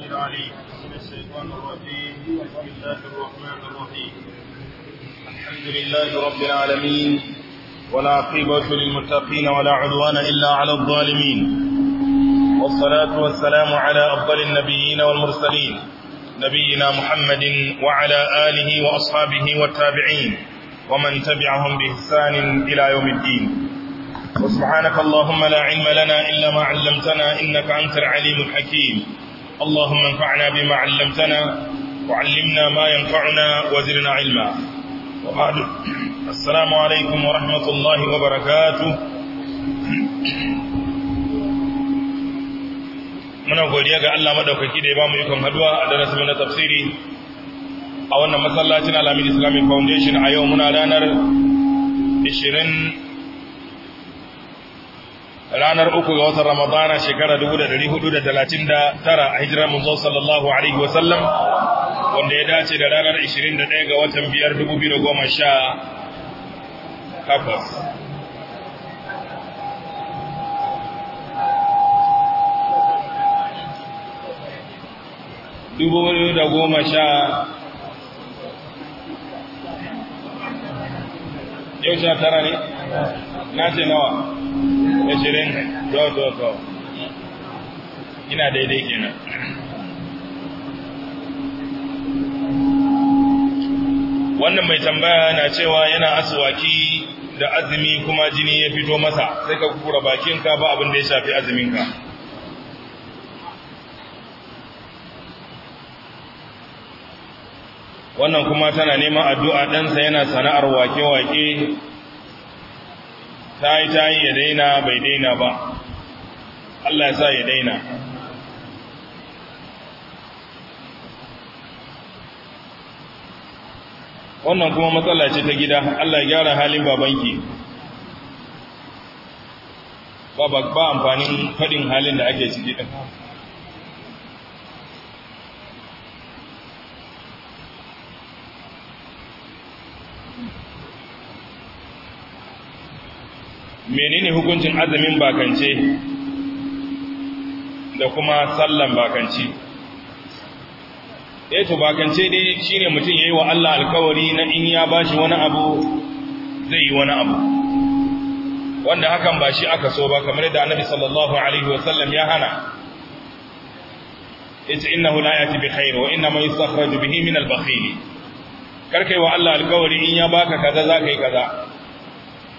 الحمد لله رب العالمين ولا عقبة للمتقين ولا عدوان إلا على الظالمين والصلاة والسلام على أفضل النبيين والمرسلين نبينا محمد وعلى آله وأصحابه والتابعين ومن تبعهم بإحسان إلى يوم الدين وسبحانك اللهم لا علم لنا إلا ما علمتنا إنك أنت العليم الحكيم اللهم انفعنا بما علمتنا وعلمنا ما ينفعنا وزرنا علما وبعد السلام عليكم ورحمة الله وبركاته godiya ga Allah madaukaki da ya bamu ikon haduwa a darasin na tafsiri a wannan masallacin Alamin Islamic Foundation a yau muna ranar 20 ranar uku ga watan Ramadana shekara 1439 a hijirar manzo sallallahu alaihi wa sallam wanda ya dace da ranar 21 ga watan 5 2010 dubu da goma sha yau sha tara ne na ce nawa ashirin ina daidai kenan wannan mai tambaya na cewa yana asuwaki da azumi kuma jini ya fito masa sai ka kura bakinka ba abin da ya shafi azuminka wannan kuma tana neman addu'a ɗansa yana sana'ar wake-wake ta yi ta yi ya daina bai daina ba Allah ya sa ya daina wannan kuma matsala ce ta gida Allah ya gyara halin babanki ba amfanin faɗin halin da ake ciki ɗin menene hukuncin azumin bakance da kuma sallan bakanci eh to bakance dai shine mutum yayi wa Allah alkawari na in ya bashi wani abu zai yi wani abu wanda hakan ba shi aka so ba kamar da Annabi sallallahu alaihi wasallam ya hana yace innahu la yati bi khair wa inma yustakhraju bihi min al-bakhil karkai wa Allah alkawari in ya baka kaza zaka yi kaza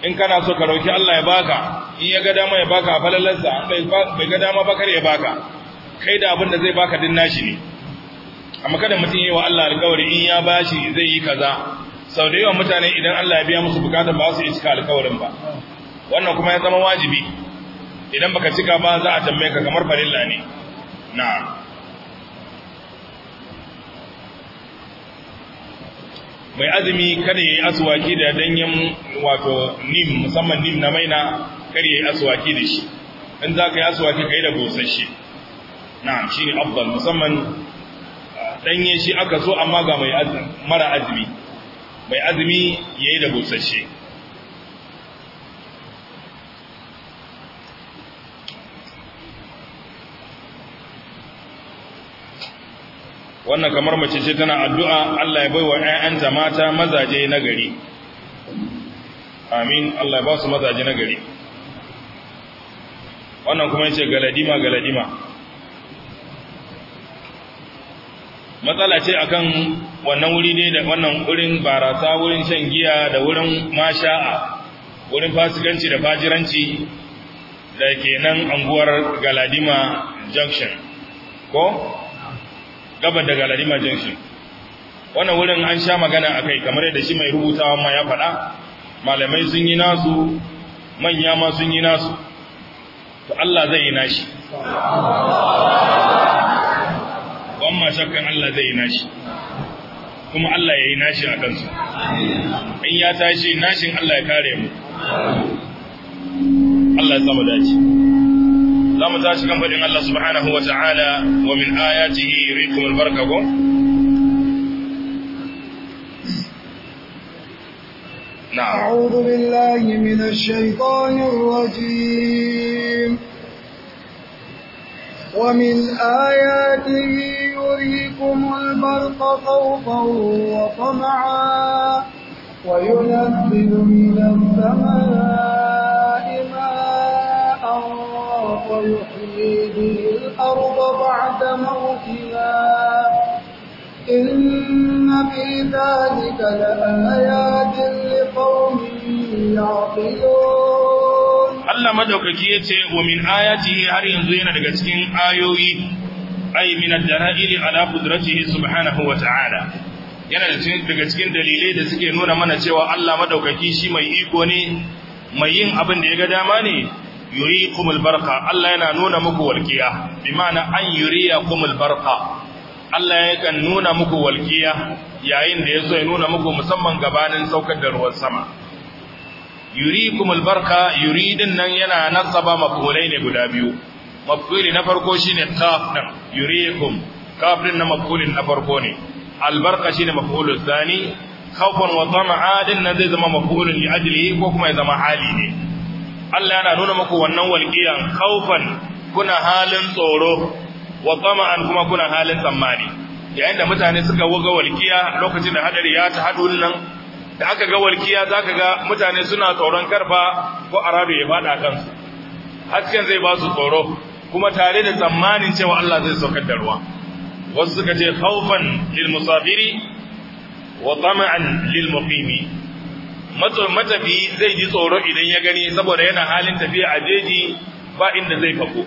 in kana so ka roki Allah ya baka in ya ga dama ya baka a falalarsa bai ga dama bakar ya baka kai da abin da zai baka din nashi ne amma kada mutum yi wa Allah alƙawari in ya bashi zai yi kaza sau da yawan mutane idan Allah ya biya musu bukata ba su cika alƙawarin ba wannan kuma ya zama wajibi idan baka cika ba za a tambaye ka kamar farilla ne na'am mai azumi kada ya yi asuwaki da danyen wato nim musamman nim na maina kada ya yi asuwaki da shi in za ka yi asuwaki ka yi da gosashe na shi ne abdal musamman danyen shi aka so amma ga mai mara azumi mai azumi ya yi da gosashe wannan kamar mace ce tana addu'a Allah ya baiwa ‘ya'yanta mata mazaje na gari amin Allah ya ba su mazaje na gari wannan kuma yace galadima galadima matsala ce akan wannan wuri ne da wannan wurin barasa wurin shan giya da wurin masha'a wurin fasikanci da fajiranci da ke nan anguwar galadima junction ko gaba daga Ladima Junction wannan wurin an sha magana akai kamar yadda shi mai rubutawa ma ya faɗa malamai sun yi nasu manya ma sun yi nasu to Allah zai yi nashi ban ma shakkan Allah zai yi nashi kuma Allah ya yi nashi a kansu in ya tashi nashin Allah ya kare mu Allah ya samu dace za mu tashi الله سبحانه وتعالى ومن آياته يريكم wa min نعم. أعوذ بالله من الشيطان الرجيم ومن آياته يريكم البرق خوفا وطمعا وينزل من السماء ويحيي به الأرض بعد موتها إن في ذلك لآيات لقوم يعقلون الله مدوكي يتي ومن آياته هر ينزين لكتكين آيوي أي من الدلائل على قدرته سبحانه وتعالى yana daga cikin dalilai da suke nuna mana cewa Allah madaukaki shi mai iko ne mai yin abin da ya ga dama ne yuri kumul barka Allah yana nuna muku walƙiya, bi ma'ana an yuriya kumul barka, Allah ya kan nuna muku walqiya yayin da yaso ya nuna muku musamman gabanin saukar da ruwan sama barka yuri yuridin nan yana nasaba mafulai ne guda biyu mafuli na farko shine qaf din yurikum qaf din na mafulin na farko ne albarka shine mafulul thani khawfan wa tam'a din nan zai zama mafulun li ajlihi ko kuma ya zama hali ne Allah yana nuna muku wannan walƙiyan khaufan kuna halin tsoro wa tama'an kuma kuna halin tsammani yayin da mutane suka wuga walqiya lokacin da hadari ya ta hadu nan da aka ga walqiya zaka ga mutane suna tsoron karfa ko arabu ya fada kansu hasken zai ba su tsoro kuma tare da tsammanin cewa Allah zai saukar da ruwa wasu suka ce khaufan lil musafiri wa tama'an lil muqimi matafi zai ji tsoro idan ya gani saboda yana halin tafiya a jeji ba inda zai fako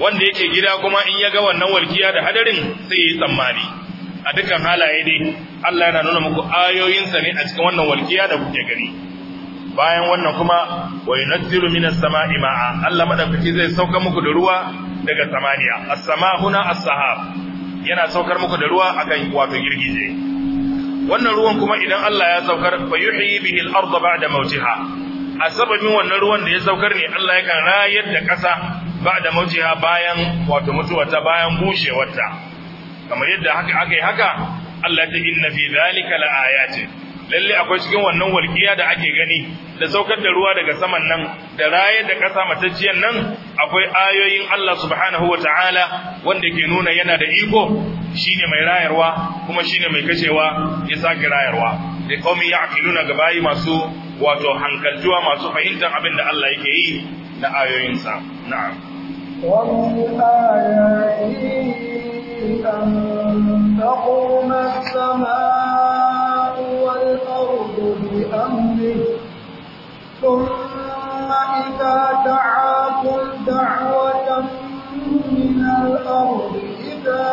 wanda yake gida kuma in ya ga wannan walkiya da hadarin sai ya yi tsammani a dukkan halaye dai Allah yana nuna muku ayoyinsa ne a cikin wannan walkiya da kuke gani bayan wannan kuma wa yunazzilu minas sama'i ma'a Allah madaukaki zai sauka muku da ruwa daga samaniya as-sama huna as-sahab yana saukar muku da ruwa akan wato girgije wannan ruwan kuma idan Allah ya saukar fa yuhyi bihi al-ardh ba'da mautiha a sababin wannan ruwan da ya saukar ne Allah yakan rayar da ƙasa ba'da mautiha bayan wato ta bayan bushewarta kamar yadda haka akai haka Allah ta inna fi dhalika la ayatin lalle akwai cikin wannan walƙiya da ake gani da saukar da ruwa daga saman nan da rayar da ƙasa matacciyar nan akwai ayoyin Allah subhanahu wa ta'ala wanda ke nuna yana da iko shine mai rayarwa kuma shine mai kashewa ya sake rayarwa da qaumi ga bayi masu wato hankaltuwa masu fahimtar abin da Allah yake yi na ayoyinsa na'am ومن آياته أن تقوم بأمره ثم إذا دعاكم دعوة من الأرض إذا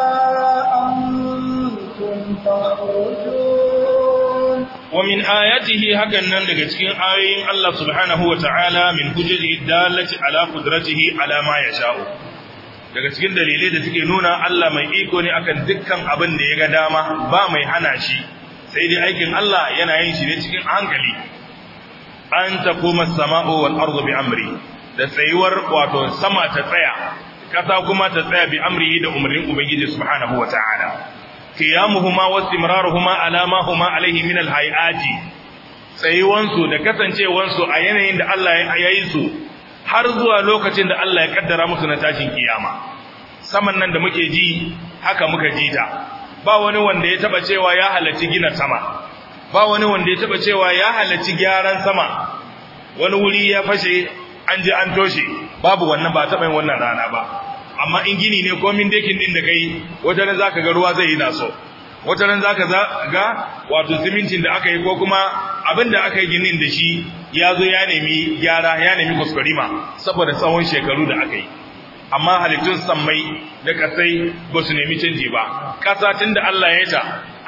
أنتم تخرجون ومن آياته هكذا daga cikin ayoyin Allah subhanahu wa ta'ala min hujjati dallati ala qudratihi ala ma yasha'u daga cikin dalilai da suke nuna Allah mai iko ne akan dukkan abin da ya ga dama ba mai hana shi sai dai aikin Allah yana yin shi ne cikin hankali an ta kuma samau wal ardu bi amri da tsayuwar wato sama ta tsaya kasa kuma ta tsaya bi amri da umarnin ubangiji subhanahu wa ta'ala qiyamuhuma istimraruhuma ala ma huma alayhi min alhayati tsayuwansu da kasancewansu a yanayin da Allah ya yi su har zuwa lokacin da Allah ya kaddara musu na tashin kiyama saman nan da muke ji haka muka ji ta ba wani wanda ya taba cewa ya halacci gina sama ba wani wanda ya taba cewa ya halacci gyaran sama wani wuri ya fashe an je an toshe babu wannan ba taba yin wannan rana ba amma in gini ne komin dekin din da kai wata ran zaka ga ruwa zai yi naso wata ran zaka ga wato simintin da aka yi ko kuma abin da aka yi ginin da shi ya zo ya nemi gyara ya nemi kuskurima saboda tsawon shekaru da aka yi amma halittun sammai da kasai ba su nemi canji ba ƙasa tun da Allah ya ta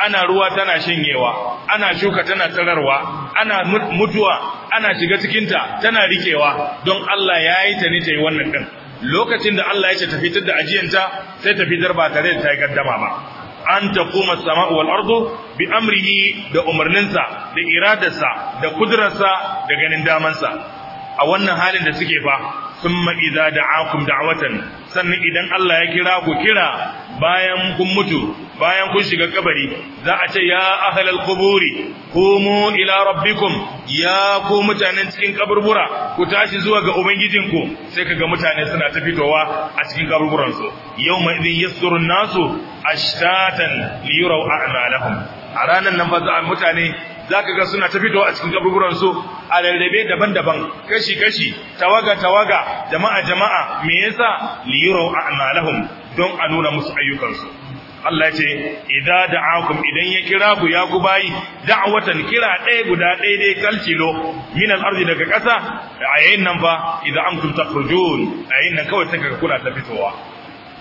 ana ruwa tana shanyewa ana shuka tana tararwa, ana mutuwa ana shiga cikinta tana rikewa don Allah ya yi ta ne ta yi wannan ɗin lokacin da Allah ya ce ta fitar da ajiyanta sai ta fitar ba tare da ta yi gaddama ba an ta kuma sama'u wal ardu bi amrihi da umarninsa da iradarsa da kudurarsa da ganin damansa a wannan halin da suke fa da akum da watan sannan idan Allah ya kira ku kira bayan kun mutu bayan kun shiga kabari za a ce ya ahlal quburi kumu ila rabbikum ya ku mutanen cikin kaburbura ku tashi zuwa ga ubangijinku sai kaga mutane suna ta fitowa a cikin kaburburan su yawma idin yasdurun nasu ashtatan liyuraw a'malahum a ranar nan fa mutane zaka ga suna ta fito a cikin kaburburan a lallabe daban-daban kashi kashi tawaga tawaga jama'a jama'a me yasa a amalahun don a nuna musu ayyukansu Allah ce da'akum idan ya kira ku ya ku bayi da'watan kira ɗaya guda ɗaya dai kalkilo min al-ardi daga ƙasa ayin nan fa idza antum takhrujun ayin nan kawai taka kula ta fitowa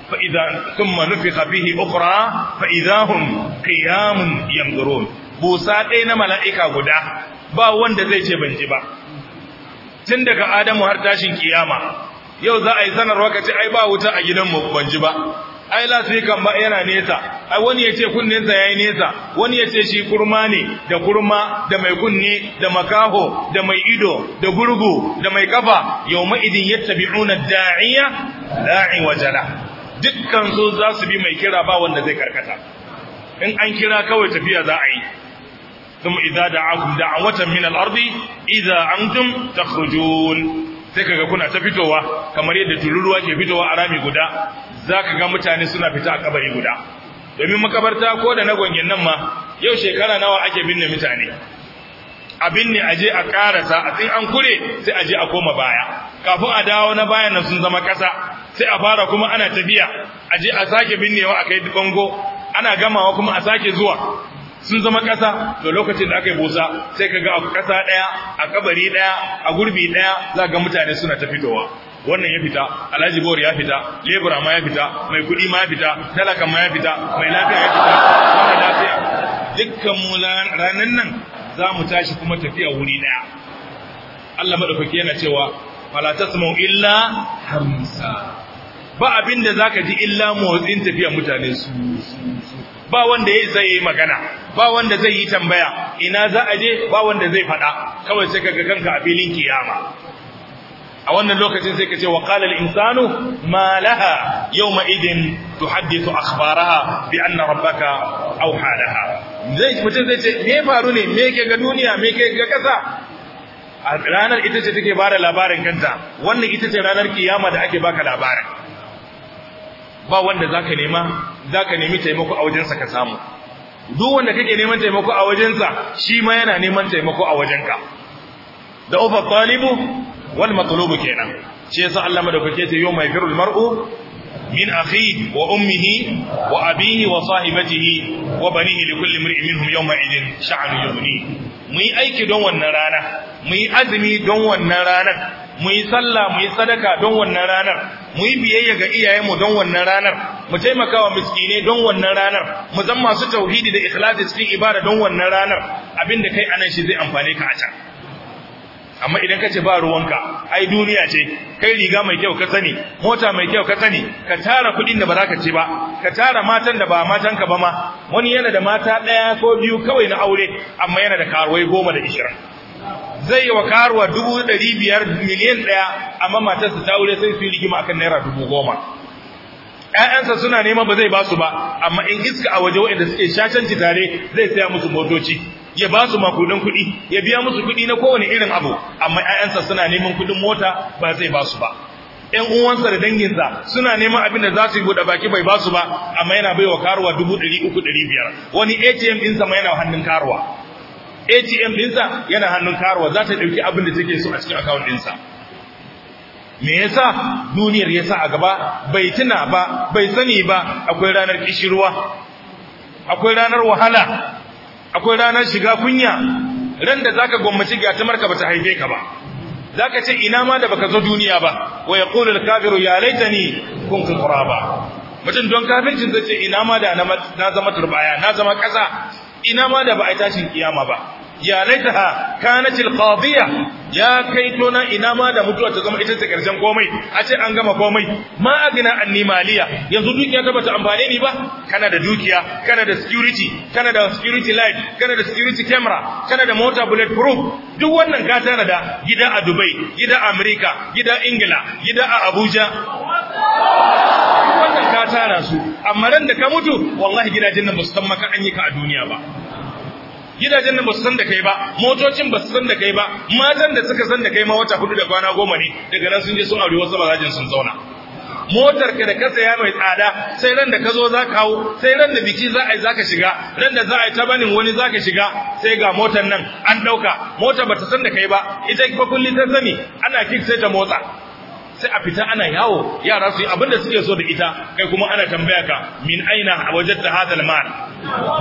fa idza thumma nufikha fihi ukhra fa idza qiyamun yanzurun busa ɗaya na mala'ika guda ba wanda zai ce banji ba tun daga adamu har tashin kiyama yau za a yi sanar ka ce ai ba wuta a gidanmu ban ji ba ai lasikan ba yana nesa ai wani ya ce kunninsa ya yi nesa wani ya ce shi kurma ne da kurma da mai kunne da makaho da mai ido da gurgu da mai kafa yau ma'idin ya tabi'una da'iya da'i wajena dukkan su za su bi mai kira ba wanda zai karkata in an kira kawai tafiya za a yi ثم إذا دعاكم دعوة min الأرض إذا أنتم تخرجون sai kaga kuna ta fitowa kamar yadda tururuwa ke fitowa a rami guda za ka ga mutane suna fita a kabari guda domin makabarta ko da na gongen nan ma yau shekara nawa ake binne mutane binne binne aje a karasa a tsin an kure sai je a koma baya kafin a dawo na bayan nan sun zama kasa sai a fara kuma ana tafiya aje a sake binnewa a kai bango ana gamawa kuma a sake zuwa sun zama ƙasa to lokacin da aka yi busa sai ka ga a ƙasa ɗaya a kabari ɗaya a gurbi ɗaya za ga mutane suna ta fitowa wannan ya fita alhaji bawar ya fita lebura ma ya fita mai kuɗi ma ya fita talaka ma ya fita mai lafiya ya fita mara lafiya dukkan mu ranan nan za mu tashi kuma tafiya wuri ɗaya Allah maɗaukaki yana cewa fala tasma'u illa hamsa ba abin da zaka ji illa motsin tafiya mutane su ba wanda ya zai magana ba wanda zai yi tambaya ina za a je ba wanda zai faɗa, kawai sai kaga kanka a filin kiyama a wannan lokacin sai kace wa qala al-insanu ma laha yawma idin tuhaddithu akhbaraha bi anna rabbaka awhalaha zai mutum zai ce me faru ne me ke ga duniya me ke ga kasa ranar ita ce take bada labarin kanta wannan ita ce ranar kiyama da ake baka labarin ba wanda zaka nema zaka nemi taimako a wajensa ka samu duk wanda kake neman taimako a wajensa shi ma yana neman taimako a wajenka da ufa talibu wal matlubu kenan shi yasa Allah madaukake ce yau mai firul mar'u min akhihi wa ummihi wa abihi wa sahibatihi wa banihi li kulli imrin minhum yawma idin sha'anu yughni mu yi aiki don wannan rana mu yi azumi don wannan ranar mu yi sallah mu yi sadaka don wannan ranar mu yi biyayya ga iyayenmu don wannan ranar mu taimaka wa miskine don wannan ranar mu zan masu tauhidi da ikhlasi cikin ibada don wannan ranar abin da kai anan shi zai amfane ka a can amma idan ka ce ba ruwanka ai duniya ce kai riga mai kyau ka sani mota mai kyau ka sani ka tara kuɗin da ba za ka ci ba ka tara matan da ba matanka ba ma wani yana da mata ɗaya ko biyu kawai na aure amma yana da karuwai goma da ishirin zai yi wa karuwa dubu ɗari biyar miliyan ɗaya amma matarsa ta wule sai su yi rigima akan naira dubu goma ƴaƴansa suna neman ba zai basu ba amma in iska a waje waɗanda suke shashanci tare zai saya musu motoci ya ba su makudan kuɗi ya biya musu kuɗi na kowane irin abu amma ƴaƴansa suna neman kuɗin mota ba zai basu ba Ƴan uwansa da danginsa suna neman abin da za su yi buɗe baki bai basu ba amma yana baiwa karuwa dubu ɗari uku ɗari biyar wani atm ɗinsa ma yana hannun karuwa ATM ɗinsa yana hannun karuwa za ta ɗauki abin da take so a cikin account dinsa. me yasa duniyar yasa a gaba bai tuna ba bai sani ba akwai ranar kishirwa akwai ranar wahala akwai ranar shiga kunya ran da zaka gwammaci ba ta haife ka ba zaka ce ina ma da baka zo duniya ba wa yaqulu al-kafiru ya laitani kuntu ba. mutum don kafircin zai ce ina ma da na zama turbaya na zama kasa ina ma da ba a tashin kiyama ba ya laitaha kanatil qadiya ya kai tona ina ma da mutuwa ta zama ita ce karshen komai a ce an gama komai ma agina anni yanzu dukiya ta bata amfane ni ba kana da dukiya kana da security kana da security light kana da security camera kana da mota bullet proof duk wannan ka tana da gida a Dubai gida a America gida Ingila gida a Abuja wannan ka tana su amma ran da ka mutu wallahi gidajen nan ba su san an yi ka a duniya ba gidajen nan ba su san da kai ba motocin ba su san da kai ba matan da suka san da kai ma wata hudu da kwana goma ne daga nan sun je sun aure wasu mazajin sun zauna motar ka da ka saya mai tsada sai ran da ka zo za kawo hau sai ran da biki za a yi za ka shiga ran da za a yi ta banin wani za ka shiga sai ga motar nan an ɗauka motar ba ta san da kai ba ita ba kulli ta sani ana kik sai ta motsa sai a fita ana yawo yara su yi abin da suke so da ita kai kuma ana tambaya ka min aina a wajadta hadal mal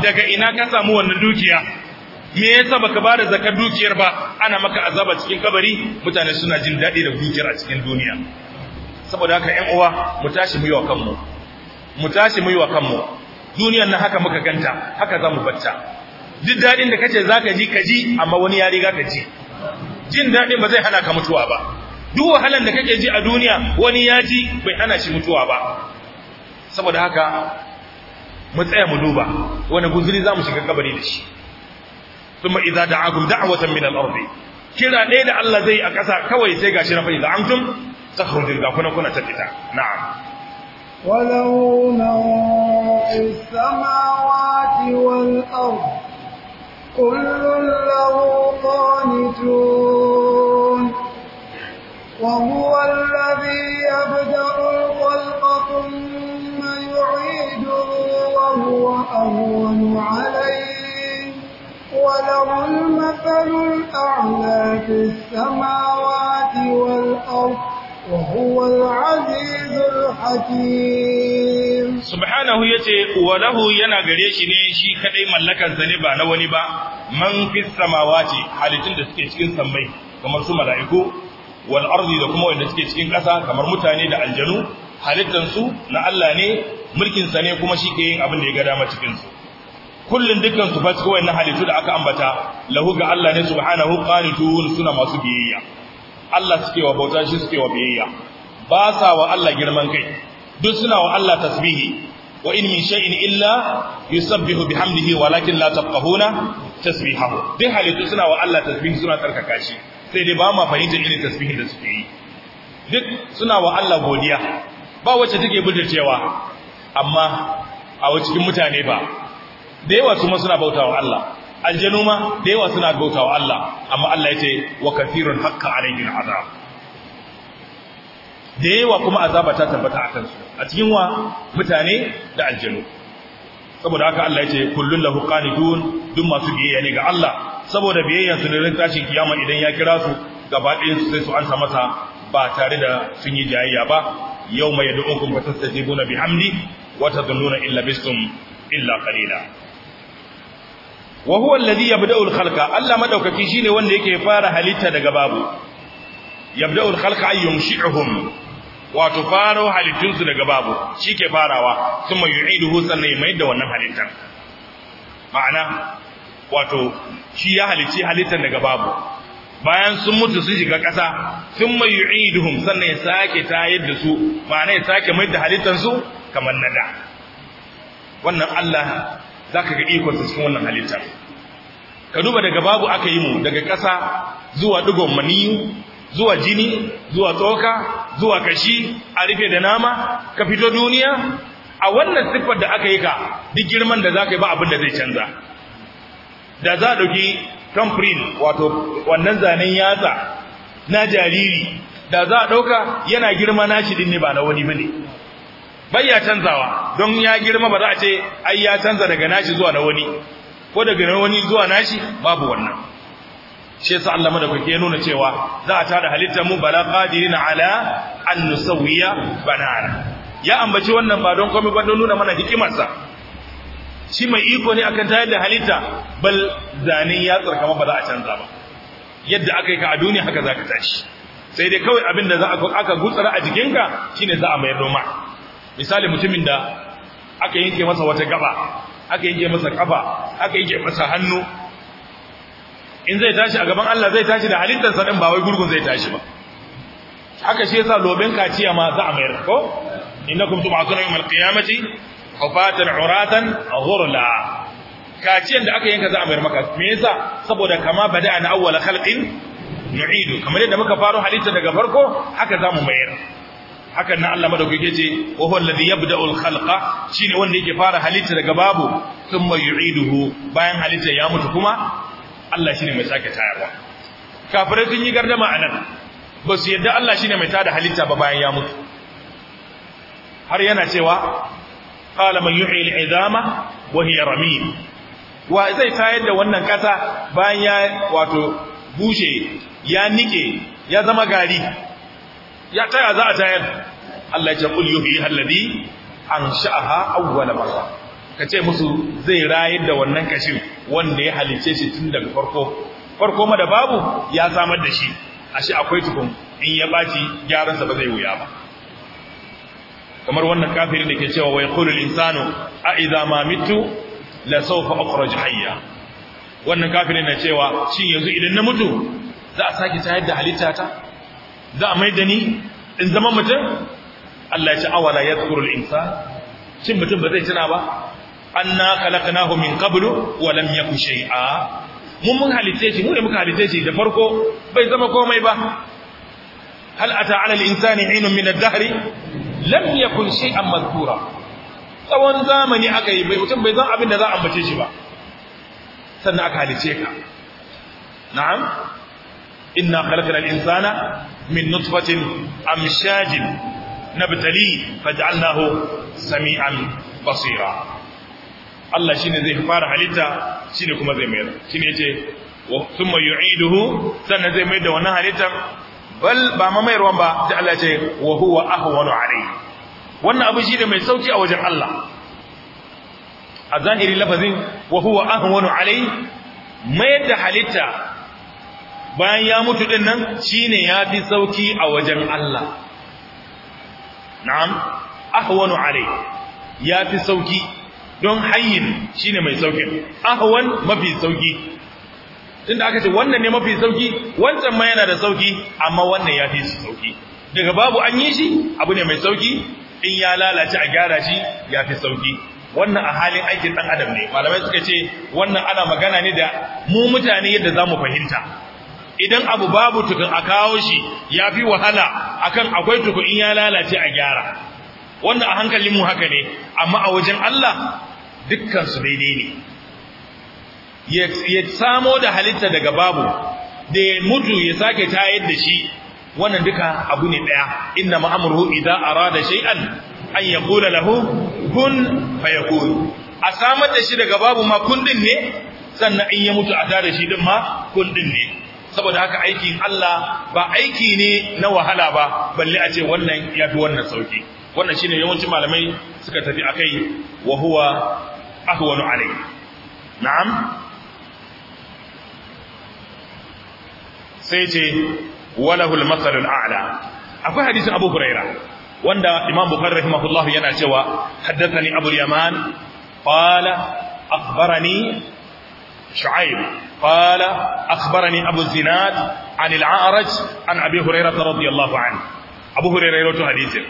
daga ina ka samu wannan dukiya me yasa baka bada zakar dukiyar ba ana maka azaba cikin kabari mutane suna jin daɗi da dukiyar a cikin duniya saboda haka ƴan uwa mu tashi mu yi wa kanmu mu tashi mu yi wa kanmu duniyar nan haka muka ganta haka za mu bacca duk daɗin da kace zaka ji ka ji amma wani ya riga ka ji jin daɗin ba zai hana ka mutuwa ba duk wahalan da kake ji a duniya wani ya ji bai hana shi mutuwa ba saboda haka mu tsaya mu duba wani guzuri za mu shiga kabari da shi ثم إذا دعاكم دعوة من الأرض كلا ليلة الله زي أكسا كوي سيقا شرفا إذا أنتم تخرج إذا كنا كنا تفتا نعم ولو نوع السماوات والأرض كل له قانتون وهو الذي يبدأ الخلق ثم يعيده وهو أهون على وله المثل الأعلى في السماوات والأرض وهو العزيز الحكيم سبحانه يتي وله ينا غريشي ne shi kaɗai mallakar sa ne ba na wani ba man fi samawati halittun da suke cikin mai, kamar su mala'iku wal ardi da kuma wanda suke cikin ƙasa kamar mutane da aljanu halittansu na Allah ne mulkinsa ne kuma shi ke yin abin da ya ga dama cikinsu. kullun dukkan su fa wannan halittu da aka ambata lahu ga Allah ne subhanahu qanitun suna masu biyayya Allah suke wa bauta shi suke wa biyayya ba sa wa Allah girman kai duk suna wa Allah tasbihi wa in min shay'in illa yusabbihu bihamdihi walakin la tafqahuna tasbihahu duk halittu suna wa Allah tasbihi suna tarkaka shi sai dai ba ma fahimtar irin tasbihin da suke yi duk suna wa Allah godiya ba wacce take budurcewa amma a cikin mutane ba da yawa kuma suna bautawa Allah aljanu ma da yawa suna bautawa Allah amma Allah yace wa kathirun hakka alayhi azab? da yawa kuma azaba ta tabbata a kansu a cikin wa mutane da aljanu saboda haka Allah yace kullun lahu qanidun duk masu biyayya ne ga Allah saboda biyayyan su ne ran tashin kiyama idan ya kira su gaba ɗayan su sai su ansa masa ba tare da sun yi jayayya ba yau mai yadda ukun fatastajibuna bihamdi wa tadhunnuna illa bisum illa qalila wa huwa alladhi yabda'u al-khalqa Allah madaukaki shine wanda yake fara halitta daga babu yabda'u al-khalqa ay yumshi'uhum wato faro halittun su daga babu shike farawa kuma yu'iduhu sannan mai da wannan halittar ma'ana wato shi ya halici halittar daga babu bayan sun mutu su shiga ƙasa kuma yu'iduhum sannan ya sake tayar da su ma'ana ya sake mai da halittar su kamar nada wannan Allah zaka ga iko sa cikin wannan halittar ka duba daga babu aka yi mu daga ƙasa zuwa digon maniyu zuwa jini zuwa tsoka zuwa kashi a rufe da nama ka fito duniya a wannan siffar da aka yi ka duk girman da za ka yi ba abin da zai canza da za a ɗauki tamfrin wato wannan zanen yatsa na jariri da za a ɗauka yana girma na shi ne ba na wani bane bai ya canzawa don ya girma ba za a ce ai ya canza daga nashi zuwa na wani ko daga wani zuwa nashi babu wannan shi yasa Allah madaka ya nuna cewa za a tada halittar mu bala qadirin ala an nusawiya banana ya ambaci wannan ba don komai ba don nuna mana sa shi mai iko ne akan tayar da halitta bal zanen ya tsarka ba za a canza ba yadda aka yi ka a duniya haka za ka tashi sai dai kawai abin da za aka gutsara a jikinka shine za a mayar noma misali mutumin da aka yanke masa wata gaba aka yake masa kafa aka yake masa hannu in zai tashi a gaban Allah zai tashi da halittar sa din ba wai gurgun zai tashi ba haka shi yasa loben kaciya ma za a mayar ko innakum tub'atuna yawmal qiyamati hufatan uratan ghurla kaciyan da aka yanka za a mayar maka me yasa saboda kama na awwal khalqin nu'idu kamar yadda muka faro halitta daga farko haka zamu mayar hakan nan Allah madaukake ce wa huwa alladhi yabda'ul al-khalqa shine wanda yake fara halitta daga babu thumma yu'iduhu bayan halitta ya mutu kuma Allah shine mai sake tayarwa kafirai sun yi gardama anan ba su yadda Allah shine mai tada halitta ba bayan ya mutu har yana cewa qala man yuhyi wa hiya ramim wa zai tayar da wannan kasa bayan ya wato bushe ya nike ya zama gari ya taya za a tayar Allah ya ce kul yuhyi alladhi ansha'aha awwala marra kace musu zai rayar da wannan kashin wanda ya halice shi tun daga farko farko ma da babu ya samar da shi ashe akwai tukun in ya baci gyaran sa ba zai wuya ba kamar wannan kafirin da ke cewa wa yaqulu al-insanu a idza ma mitu la sawfa ukhraj hayya wannan kafirin na cewa shin yanzu idan na mutu za a sake tayar da halitta ta? za a mai da ni in zama mutum Allah ya ce awala ya al insa. Cin mutum ba zai cina ba An na anna khalaqnahu min kabulu, wa ya kushe? shay'a mun mun halitte shi mu ne muka halitte shi da farko bai zama komai ba hal ata ala al-insani hinun min ad-dahr lam yakun shay'an madhkura tsawon zamani aka yi bai mutum bai zan abin da za a ambace shi ba sannan aka halice ka na'am inna al insana min nutfatin amshajin nabtali faj'alnahu sami'an basira Allah shine zai fara halitta shine kuma zai mayar shine yace thumma yu'iduhu sannan zai mayar da wannan halitta, bal ba mamayarwan ba da Allah ya ce wa huwa ahwanu alayhi wannan abu shine mai sauki a wajen Allah a zahiri lafazin wa huwa ahwanu alayhi mayar da halitta bayan ya mutu din nan shine fi sauki a wajen Allah na'am ahwanu alai ya fi sauki don hayyin shine mai sauki ahwan mafi sauki tunda aka ce wannan ne mafi sauki wancan ma yana da sauki amma wannan ya fi sauki daga babu an yi shi abu ne mai sauki in ya lalace a gyara shi ya fi sauki wannan a halin aikin ɗan adam ne malamai suka ce wannan ana magana ne da mu mutane yadda zamu fahimta idan abu babu tukun a kawo shi ya fi wahala akan akwai tukun in ya lalace a gyara wanda a hankalin mu haka ne amma a wajen Allah dukkan su daidai ne ya samo da halitta daga babu da ya mutu ya sake tayar da shi wannan duka abu ne daya inna ma'amruhu idza arada shay'an an ya kula lahu kun fayakun a samar da shi daga babu ma kundin ne sannan in ya mutu a tare shi din ma kundin ne saboda haka aikin Allah ba aiki ne na wahala ba balle a ce wannan yafi wannan sauki wannan shine yawancin malamai suka tafi akai wa huwa ahwanu alai na'am sai ce walahul masalul a'la akwai hadisin Abu Huraira wanda Imam Bukhari rahimahullahu yana cewa haddathani Abu Yaman qala akhbarani شعيب قال أخبرني أبو الزناد عن العارج عن أبي هريرة رضي الله عنه أبو هريرة يروي حديثه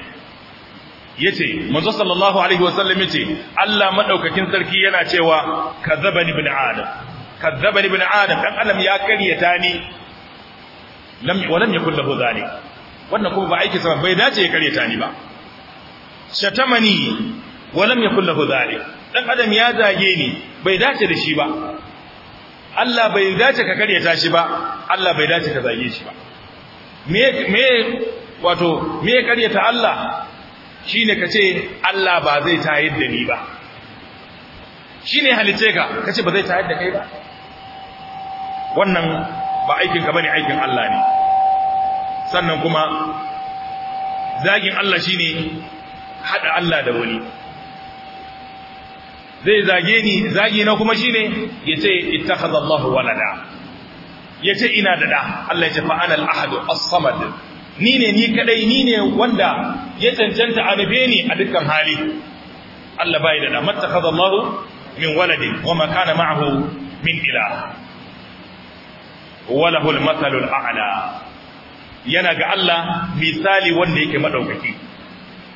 yace manzo sallallahu alaihi wasallam yace Allah madaukakin sarki yana cewa kadzabani ibn adam kadzabani ibn adam dan adam ya karyata ni lam walam yakul lahu zalik wannan kuma ba aiki sama bai dace ya karyata ni ba shatamani walam yakul lahu zalik dan adam ya zage ni bai dace da shi ba Allah bai dace ka karyata shi ba Allah bai dace ka zage shi ba me me wato me karyata Allah shine ka Allah ba zai tayar da ni ba shine halice ka kace ba zai tayar da kai ba wannan ba aikin ka bane aikin Allah ne sannan kuma zagin Allah shine hada Allah da wani zai zage ni zagi na kuma shine yace ittakhadha Allahu walada yace ina da da Allah yace fa ana al-ahad as-samad ni ne ni kadai ni ne wanda ya cancanta a rabe ni a dukkan hali Allah bai da da mattakhadha Allahu min waladin wa ma kana ma'ahu min ilah walahu al-mathalul a'la yana ga Allah misali wanda yake madaukaki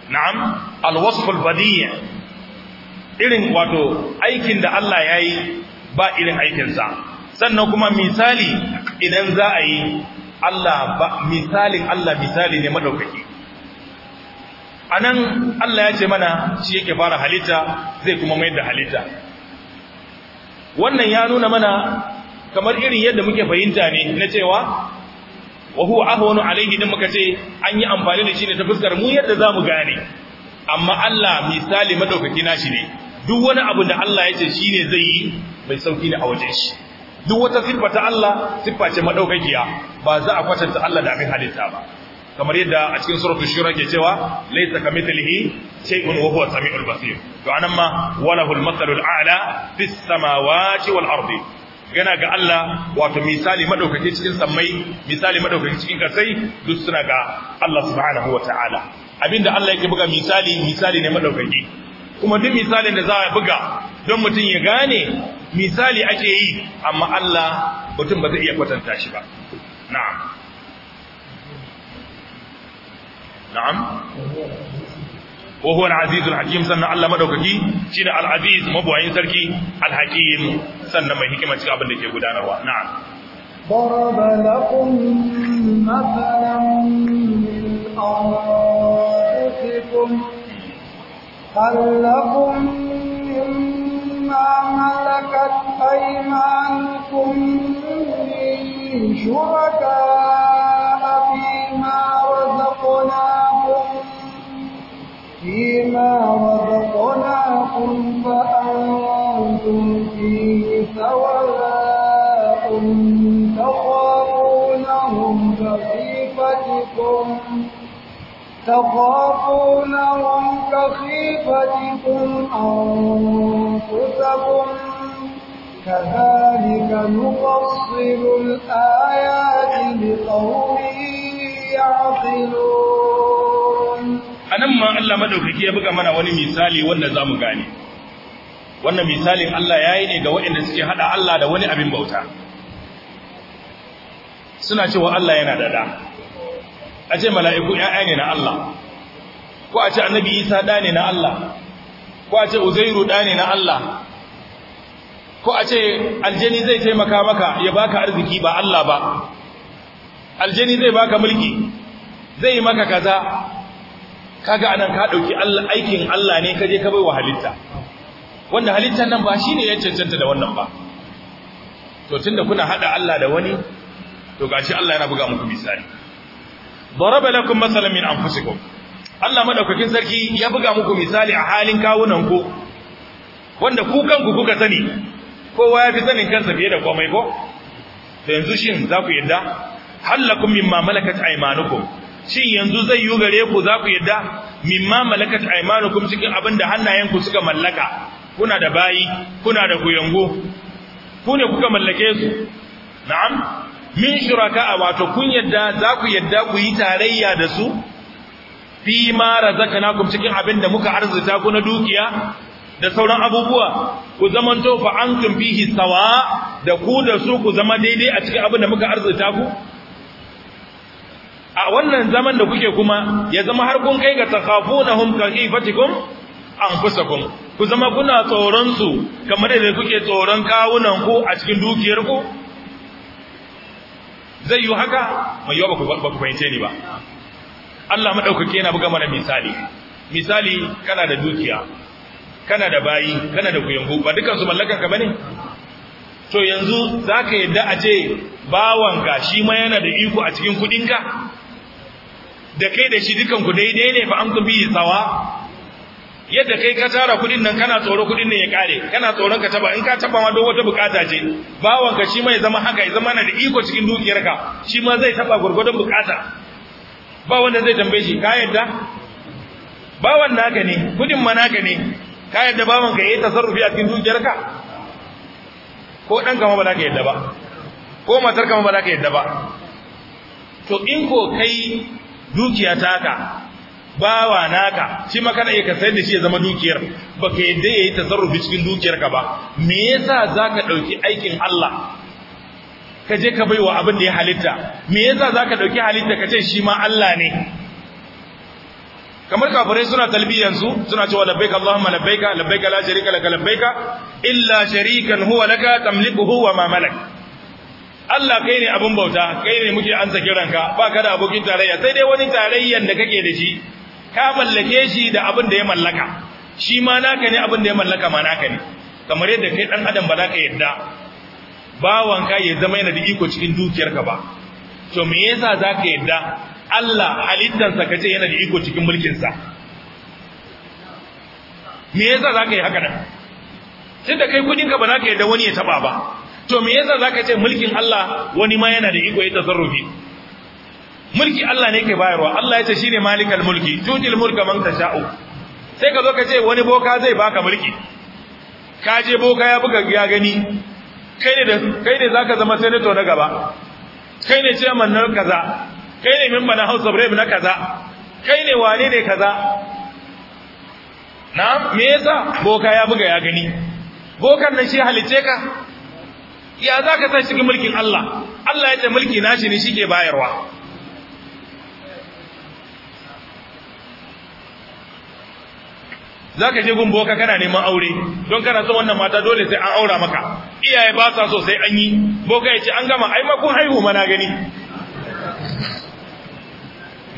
na'am al-wasful badi' irin wato aikin da Allah ya yi ba irin aikinsa sannan kuma misali idan za a yi Allah ba misalin Allah misali ne madaukaki anan Allah ya ce mana shi yake fara halitta zai kuma mai da halitta wannan ya nuna mana kamar irin yadda muke fahimta ne na cewa wa huwa ahwanu alayhi din muka ce an yi amfani da shi ne ta fuskar mu yadda za zamu gane amma Allah misali madaukaki shi ne duk wani abu da Allah ya ce shi ne zai yi mai sauki ne a wajen shi duk wata siffa ta Allah siffa ce madaukakiya ba za a kwatanta Allah da abin halitta ba kamar yadda a cikin suratul shura ke cewa laysa kamithlihi shay'un wa huwa samiul basir to anan ma walahul al-mathalul a'la fis samawati wal ardi gana ga Allah wato misali madaukake cikin sammai misali madaukake cikin kasai duk suna ga Allah subhanahu wa ta'ala abinda Allah yake buga misali misali ne madaukake kuma duk misalin da za a buga don mutum ya gane misali ake yi amma Allah mutum ba zai iya kwatanta shi ba na'am na'am wa huwa al-aziz al-hakim sannan Allah madaukaki al-aziz mabuwayin sarki al-hakim sannan mai hikimar cikin abin da ke gudanarwa na'am ضرب لكم مثلا من أنفسكم هل لكم مما ملكت أيمانكم من شركاء فيما رزقناكم فيما رزقناكم فأنتم فيه سواء تخافونهم كخيفتكم تخافونهم كخيفتكم أنفسكم كذلك نفصل الآيات لقوم يعقلون أنا ما ألا مدوكي يبقى منا وني مثالي ونزام غاني wannan misalin Allah ya yi ne ga waɗanda suke haɗa Allah da wani abin bauta suna cewa Allah yana daɗa. a ce mala'iku ‘ya'ya ne na Allah ko a ce annabi isa ɗa ne na Allah ko a ce uzairu ɗa ne na Allah ko a ce aljani zai taimaka maka ya baka arziki ba Allah ba aljani zai baka mulki zai maka kaza kaga anan ka ɗauki aikin Allah ne kaje ka bai wa halitta wanda halittar nan ba shi ne ya cancanta da wannan ba to tun da kuna haɗa Allah da wani to gashi Allah yana buga muku misali daraba lakum masalan min anfusikum Allah madaukakin sarki ya buga muku misali a halin kawunan ku wanda ku kanku kuka sani kowa ya fi sanin kansa fiye da komai ko da yanzu shin za ku yadda hallakum mimma malakat aymanukum shin yanzu zai yiwu gare ku za ku yadda mimma malakat aymanukum cikin abinda hannayenku suka mallaka kuna da bayi kuna da kuyango ku ne kuka mallake su na'am min shuraka a wato kun yadda za ku yadda ku yi tarayya da su fi ma ku cikin abin da muka arzuta ku na dukiya da sauran abubuwa ku to fa kun fi sawa da ku da su ku zama daidai a cikin abin da muka arzuta ku a wannan zaman da kuke kuma ya zama har kun kai ga takafunahum an anfusakum ku zama kuna tsoron su kamar da kuke tsoron kawunan ku a cikin dukiyar ku zai yi haka mai yawa ba ku fahimce ni ba Allah maɗaukaki yana buga mana misali misali kana da dukiya kana da bayi kana da kuyangu ba dukansu su mallakan ka bane to yanzu za zaka yadda a ce bawanka shi ma yana da iko a cikin kudinka da kai da shi dukanku daidai ne ba an ku yi tsawa yadda kai ka tara kudin nan kana tsoro kudin nan ya kare kana tsoron ka taba in ka taba ma don wata bukata ce bawan ka shi mai zama haka ya zama na da iko cikin dukiyarka shi ma zai taba gurgurdan bukata ba wanda zai tambaye shi ka yadda bawan naka ne kudin ma naka ne ka yadda bawan ka yayi tasarrufi a cikin dukiyarka ko dan ka ma ba za ka yadda ba ko matar ka ma ba za ka yadda ba to in ko kai dukiya taka bawa naka shi ma kana iya ka da shi ya zama dukiyar baka yadda ya yi tasarrufi cikin dukiyarka ba me yasa ka dauki aikin Allah ka je ka baiwa abin da ya halitta me yasa ka dauki halitta ka ce shi ma Allah ne kamar kafirai suna talbiyansu suna cewa labbaika allahumma labbaika labbaika la sharika laka labbaika illa sharikan huwa laka tamlikuhu wa ma malak Allah kai ne abin bauta kai ne muke ansa kiranka ka da abokin tarayya sai dai wani tarayyan da kake da shi ka mallake shi da abin da ya mallaka shi ma naka ne abin da ya mallaka ma naka ne kamar yadda kai dan adam ba za ka yadda wanka ya zama yana da iko cikin dukiyarka ba to me yasa za ka yadda Allah halittansa kace yana da iko cikin mulkinsa me yasa za ka yi haka nan tunda kai ka ba za ka yadda wani ya taba ba to me yasa za ka ce mulkin Allah wani ma yana da iko ya tasarrufi mulki Allah ne ke bayarwa Allah ya ce shine malikal mulki tutil mulka man tasha'u sai ka zo ka ce wani boka zai baka mulki ka je boka ya buga ya gani kai ne da kai ne zaka zama senator na gaba kai ne chairman na kaza kai ne member na house of rep na kaza kai ne wane ne kaza na me yasa boka ya buga ya gani bokan nan shi halice ka ya zaka san shi mulkin Allah Allah ya ce mulki nashi ne shi ke bayarwa za ka je ka kana neman aure don kana son wannan mata dole sai an aura maka iyaye ba sa so sai an yi boka ya ce an gama ai ma kun haihu mana gani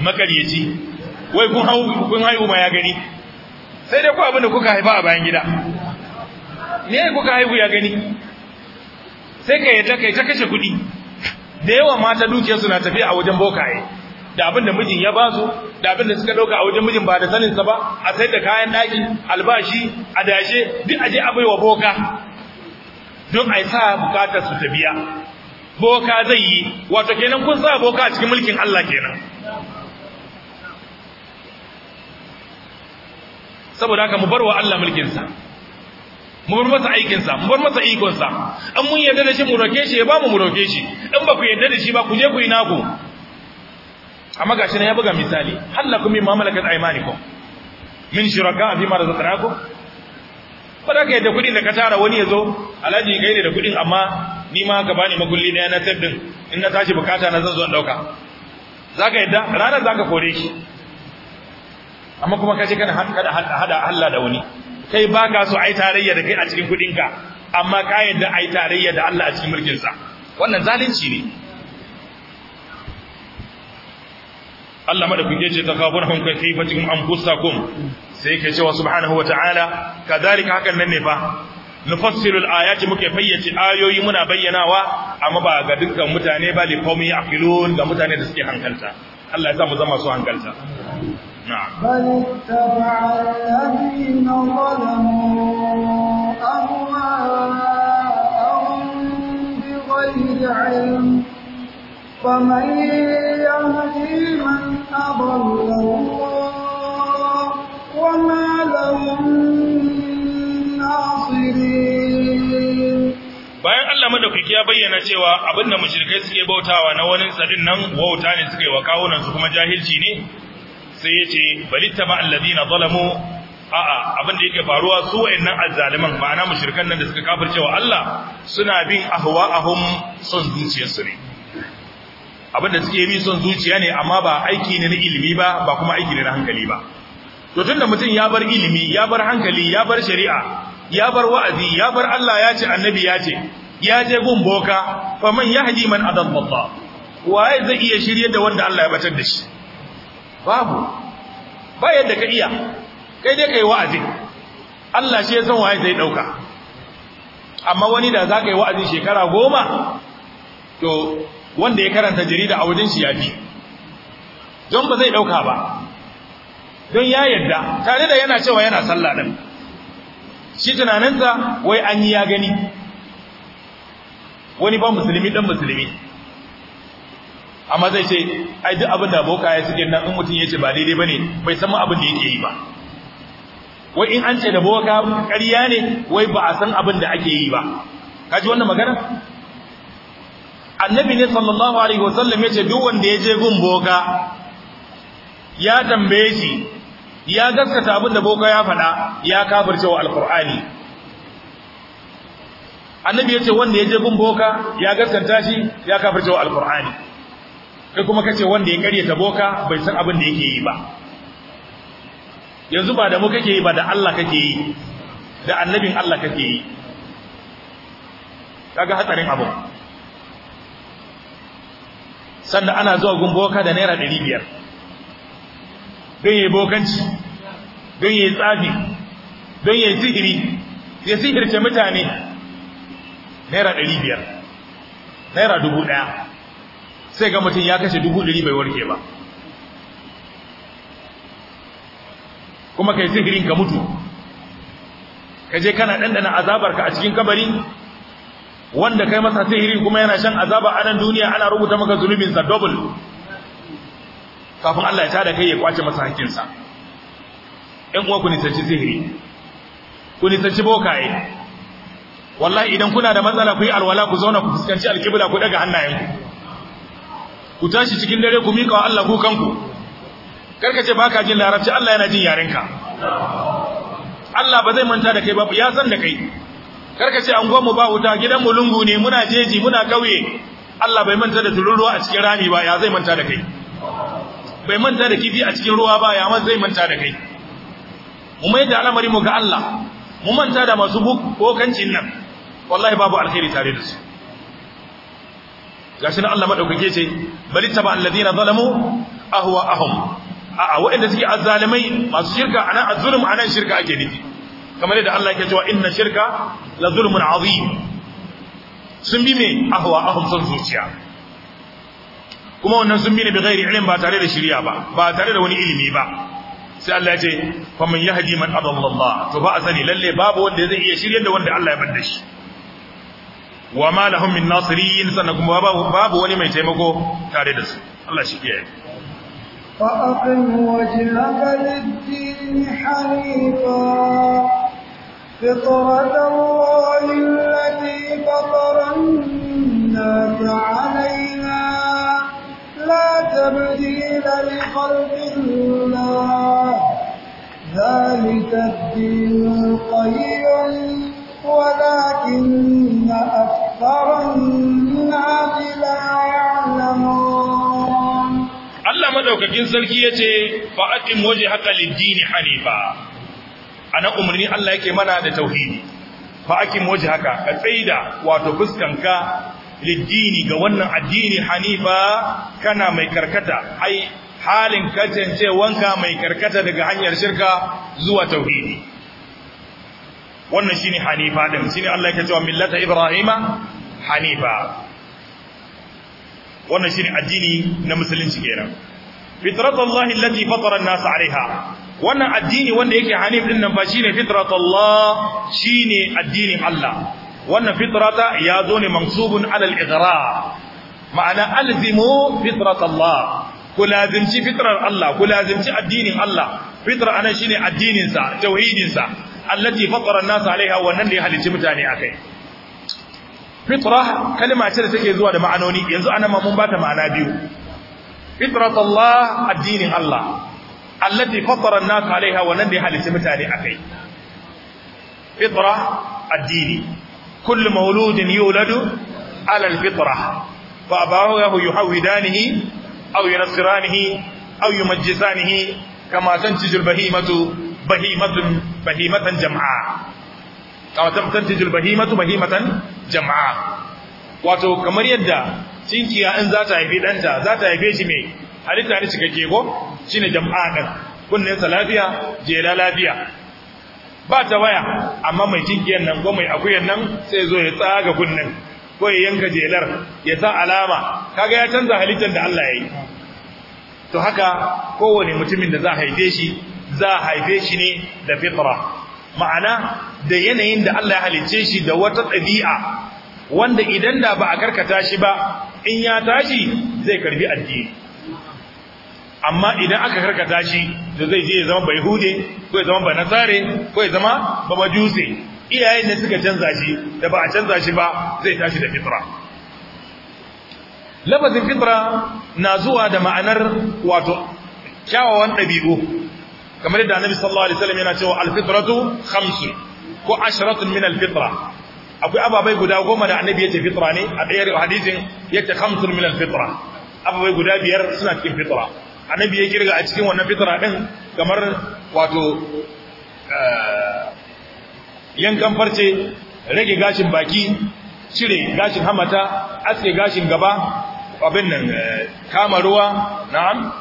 makaryaci wai kun haihu kun haihu ma ya gani sai dai ku abin da kuka haifa a bayan gida me kuka haihu ya gani sai ka yadda kai ta kashe kuɗi da yawa mata dukiyarsu na tafiya a wajen bokaye da abin da mijin ya ba su da abin da suka dauka a wajen mijin ba da saninsa ba a sai da kayan daki albashi dashe duk aje a baiwa boka don a sa bukatar su ta biya boka zai yi wato kenan kun sa boka a cikin mulkin Allah kenan saboda haka mu barwa Allah mulkin sa mu bar masa aikinsa mu bar masa ikonsa in mun yarda da shi mu roke shi ya ba mu mu roke shi in ba ku yarda da shi ba ku je ku yi naku amma gashi ne ya buga misali halakum mimma malakat aymanikum min shuraka fi ma razaqnakum ba ka yadda kudin da ka tara wani ya zo alhaji kai ne da kudin amma ni ma ka bani makulli na na tabbin in na tashi bukata na zan zo dauka zaka yadda ranar zaka kore shi amma kuma kace kana hada hada Allah da wani kai baka ka so ai tarayya da kai a cikin kudin ka amma ka yadda ai tarayya da Allah a cikin mulkin sa wannan zalunci ne Allah madaukake ce takabunhum ka kayfatikum kun sai yake cewa subhanahu wataala kadhalika hakan nan ne fa nufassiru al-ayati muke fayyace ayoyi muna bayyanawa amma ba ga dukkan mutane ba li qaumi yaqilun ga mutane da suke hankalta Allah ya sa mu zama su hankalta na'am bal taba'a alladhina zalamu ahwa'ahum bighayri 'ilm faman bayan Allah ya bayyana cewa abinda mushrikai suke bautawa na wani sadin nan wauta ne suke wa kawunan su kuma jahilci ne sai yace ma alladina zalamu a abin da yake faruwa su wayannan azzaliman ma'ana mushrikan nan da suka kafircewa Allah suna bin ahwa'ahum sun zuciyarsu ne abin da suke bi son zuciya ne amma ba aiki ne na ilimi ba ba kuma aiki ne na hankali ba to tunda mutum ya bar ilimi ya bar hankali ya bar shari'a ya bar wa'azi ya bar Allah ya ce annabi ya ce ya je gun boka fa man yahdi man adalla Allah waye zai iya shirye da wanda Allah ya batar da shi babu ba yadda ka iya kai dai kai wa'azi Allah shi ya san waye zai dauka amma wani da zaka yi wa'azi shekara goma to wanda ya karanta jarida a wajen shi ya fi don ba zai ɗauka ba don ya yarda tare da yana cewa yana sallah ɗin shi tunaninsa wai an yi ya gani wani ba musulmi ɗan musulmi amma zai ce ai duk abin da boka ya suke nan in mutum ya ce ba daidai ba ne bai san abin da yake yi ba wai in an ce da boka ƙarya ne wai ba a san abin da ake yi ba ka ji wannan magana annabi ne sallallahu alaihi wasallam yace duk wanda yaje gun boga ya tambaye shi ya gaskata abin da boga ya faɗa ya kafirce wa alqur'ani annabi yace wanda yaje gun boga ya gaskanta shi ya kafirce wa alqur'ani kai kuma kace wanda ya karyata boka bai san abin da yake yi ba yanzu ba da mu kake yi ba da Allah kake yi da annabin Allah kake yi kaga hatsarin abu sannan ana zuwa gun boka da naira ɗari biyar don yi bokanci don yi tsafi don yi sihiri ya sihirce mutane naira ɗari biyar naira dubu ɗaya sai ga mutum ya kashe dubu ɗari bai warke ba kuma kai sihirin ka mutu ka je kana ɗanɗana azabarka a cikin kabari wanda kai masa sihiri kuma yana shan azaba a nan duniya ana rubuta maka zunubin sa double kafin Allah ya tada kai ya kwace masa hakkin sa ɗan uwa ku nisanci sihiri ku nisanci bokaye wallahi idan kuna da matsala ku yi alwala ku zauna ku fuskanci alkibla ku daga hannayen ku tashi cikin dare ku miƙa wa Allah ku kanku ce baka jin larabci Allah yana jin yarenka Allah ba zai manta da kai ba ya san da kai karka ce anguwanmu ba wuta gidan mu lungu ne muna jeji muna kauye Allah bai manta da tururuwa a cikin rami ba ya zai manta da kai bai manta da kifi a cikin ruwa ba ya zai manta da kai mu mai da al'amari mu ga Allah mu manta da masu bukokancin nan wallahi babu alheri tare da su gashi na Allah madaukake ce bali taba alladhina zalamu ahwa ahum a a wa'anda suke azzalimai masu shirka anan azzulum anan shirka ake nufi kamar yadda Allah yake cewa inna shirka la zulmun azim sun bi mai ahwa ahum son zuciya kuma wannan sun bi ne bi ghairi ilm ba tare da shari'a ba ba tare da wani ilimi ba sai Allah ya ce fa man yahdi man adalla Allah to ba sani lalle babu wanda zai iya shiryar da wanda Allah ya da shi wa ma lahum min nasirin sannan kuma babu wani mai taimako tare da su Allah shi kiyaye فأقم وجهك للدين حنيفا فطرة الله التي فطر الناس عليها لا تبديل لخلق الله ذلك الدين القيم ولكن أكثر الناس لا يعلمون Allah madaukakin sarki yace fa aqim wajhaka lid-din hanifa anan umarni Allah yake mana da tauhidi fa akim wajhaka ka tsaida wato fuskanka liddini ga wannan addini hanifa kana mai karkata ai halin kacancewanka mai karkata daga hanyar shirka zuwa tauhidi wannan shine hanifa din shine Allah yake cewa millata ibrahima hanifa wannan shine addini na musulunci kenan fitratullahi allati fatara an-nas 'alayha wannan addini wanda yake hanif din nan ba shine fitratullah shine addinin Allah wannan fitrata ya zo ne mansubun alal igra ma'ana alzimu fitratullah ku lazimci fitrar Allah ku lazimci addinin Allah fitra anan shine addinin sa tauhidin sa allati fatara an-nas alaiha wannan da ya halicci mutane akai fitra kalma ce da take zuwa da ma'anoni yanzu anan ma mun bata ma'ana biyu fitratullah addinin Allah allati fatara na nas alaiha wannan da ya halitta mutane akai fitra addini kullu mauludin yuladu ala alal fitra Ba a fa abawahu yuhawidanihi aw yunsiranihi aw yumajjisanihi kama tanjiju al-bahimatu bahimatun bahimatan jam'a kama tanjiju al-bahimatu bahimatan jama'a. wato kamar yadda cinkiya in za ta haife danta za ta haife shi mai halitta ne ke ko shine jama'a din kunnen sa lafiya jela lafiya ba ta waya amma mai kinkiyan nan ko mai akuyan nan sai zo ya tsaga kunnen ko ya yanka jelar ya sa alama kaga ya canza halittar da Allah ya yi to haka kowane mutumin da za a haife shi za a haife shi ne da fitra ma'ana da yanayin da Allah ya halicce shi da wata ɗabi'a wanda idan da ba a karkata shi ba in ya tashi zai karbi addini amma idan aka karkata shi da zai je ya zama bai hude ko ya zama ba nasare ko ya zama ba majuse iyayen da suka canza shi da ba a canza shi ba zai tashi da fitra lafazin fitra na zuwa da ma'anar wato kyawawan ɗabi'u kamar yadda annabi sallallahu alaihi wasallam yana cewa alfitratu khamsun ko asharatun min alfitra akwai ababai guda goma da annabi ya ce fitra ne a ɗayar hadisin ya ce khamsun min alfitra ababai guda biyar suna cikin fitra annabi ya kirga a cikin wannan fitra din kamar wato eh, yankan farce rage gashin baki cire gashin hamata aske gashin gaba abin nan eh, kama ruwa na'am